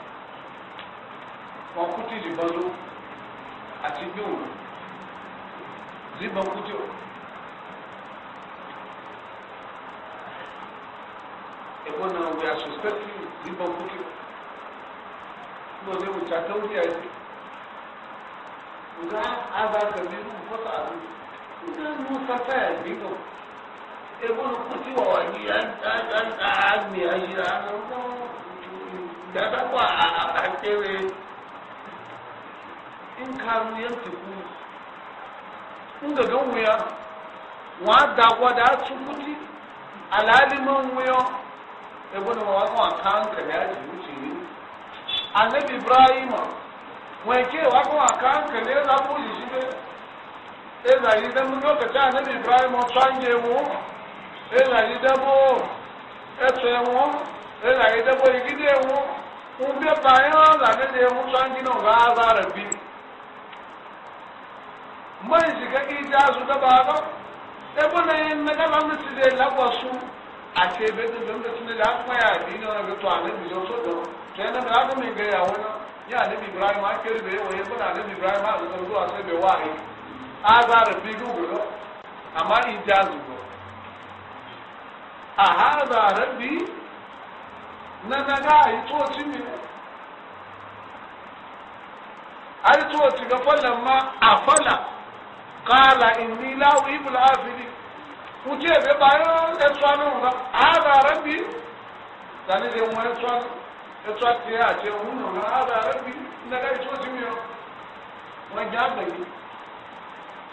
wọn kútì ìdìbọdó àti gbòòrò zibọn kútì ẹ̀kọ́ náà we are suspecting zibọn kútì lóde wùtí àtọ́wùtì àìsí nga aba kabiru mkosa abu nga musa kaya bigo ebo nukuti wa wani agmi ajira dada kwa akewe in kanu yantiku in ga gan wuya wa da gwada su kuti alaliman wuya ebe na wa kan kan ka ya ji wuce ne annabi ibrahima wai ke wa kan kan ka ne za mu ji be e za yi dan lokaci annabi ibrahima tanje mu e za yi da bo e tse mu e za yi da bo igide mu un be bayan za ne da mu tanje no ga za rabbi mgbe shiga ijazu da daba e bana na galan da tije lagwasu a ce ebe da zanga tun ya dina e wani ga to so na to yana ya wani ya annabi ibrahim a kiri bai ebe bana annabi ibrahim a sai bai a za da fi gugu amma a hada na قال إني لا أحب العافلين وجيب يبقى يتوانون هذا ربي ثاني دي هم يتوان يتوان تياتي هم هذا ربي إنك يتوان سميو ونجاب لك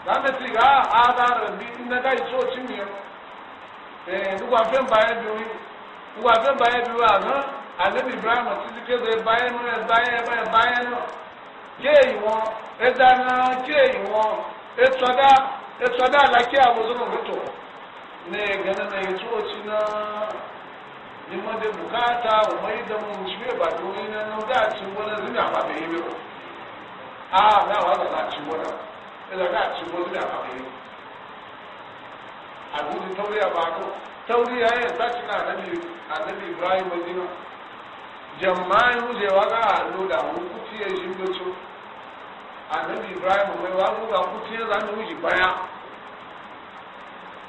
lamɛ ti ka ada rɛ bi nɛgɛ yi tso ti miɛ ɛɛ nugba fɛn ba yɛ bi nugba fɛn ba yɛ bi wa hã ale bi ibrahim titi ke bɛ ba yɛ nu ɛ ba yɛ ɛ ba yɛ nu kéèyì wọn ɛdá náà kéèyì wọn etsada etsada laki abuzunu buto ne gana na yato cina nima da bukata o mai da mu ciwe ba doyi na nan da ci wani zina ba da yi ko a na wa da na ci wani ila ga ci wani zina ba da yi a gudu tauriya ba ko tauriya ya ta cina annabi annabi ibrahim madina jama'in mu je wa ga allo da mu kuciye shi da annabi ibrahim mai wa mu ga kuce za mu yi baya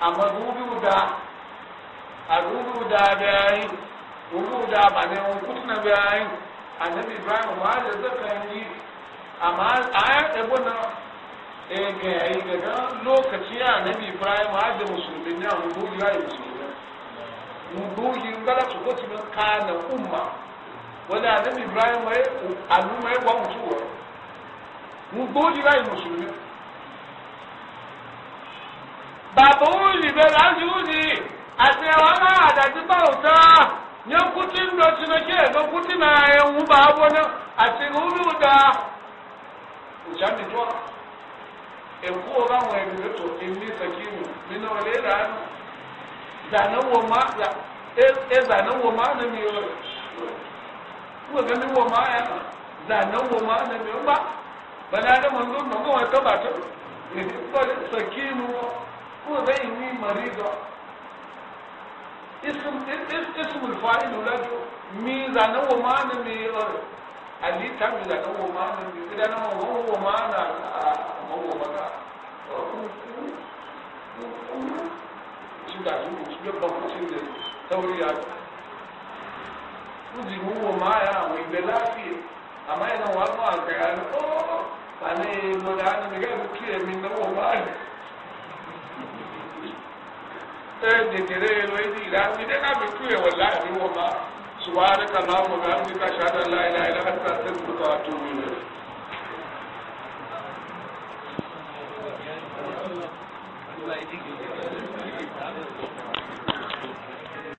amma dubi da a dubi da bayi dubi da ba ne mun kutna bayi annabi ibrahim ma da zakan yi amma ayat da bana eh ga yi daga lokaci ya annabi ibrahim ha da musulmi ne mu dubi ya musulmi mu dubi ngala su ko timin kana umma wala annabi ibrahim mai al'umma ya wa mutuwa mùgbóòdì báyìí mùsùlùmí. bàbá òun lè bẹ̀rẹ̀ láti wù ní àti ẹ̀wọ̀n náà àdàtí bá òtá ní okùtì ń lọ sínú kí ẹ̀gbọ́n kùtì náà ẹ̀hún bá bọ́ náà àti ìhun ní òdà òjáde tó a. ẹ̀kú ọba àwọn ẹ̀gbẹ́ tó ẹ̀mí sàkíyù nínú ọ̀lẹ́ ìlànà ìdánáwó máa ìdánáwó máa nà mí ọ̀rẹ́ wọ́n gbẹ́ mi wọ̀ máa ẹ̀ dánáwó máa nà mí ọ̀rẹ́ banadamu ndio mungu watoba tu sakinu huwa baini marido اسم اسم الفاعل ولد ميزان هو معنى ميزان اللي تعمل ده هو معنى كده انا هو معنى هو بقى شنو شنو بقى شنو توريات ودي هو معايا ويبلافي اما انا والله قال اوه يعني ملعان اللي جايبه كده من نوم معاك ادي تريل ويدي لا دي انا بكوية ولا عادي هو معاك سبحانك اللهم وبحمدك اشهد ان لا اله الا انت استغفرك واتوب اليك Thank you.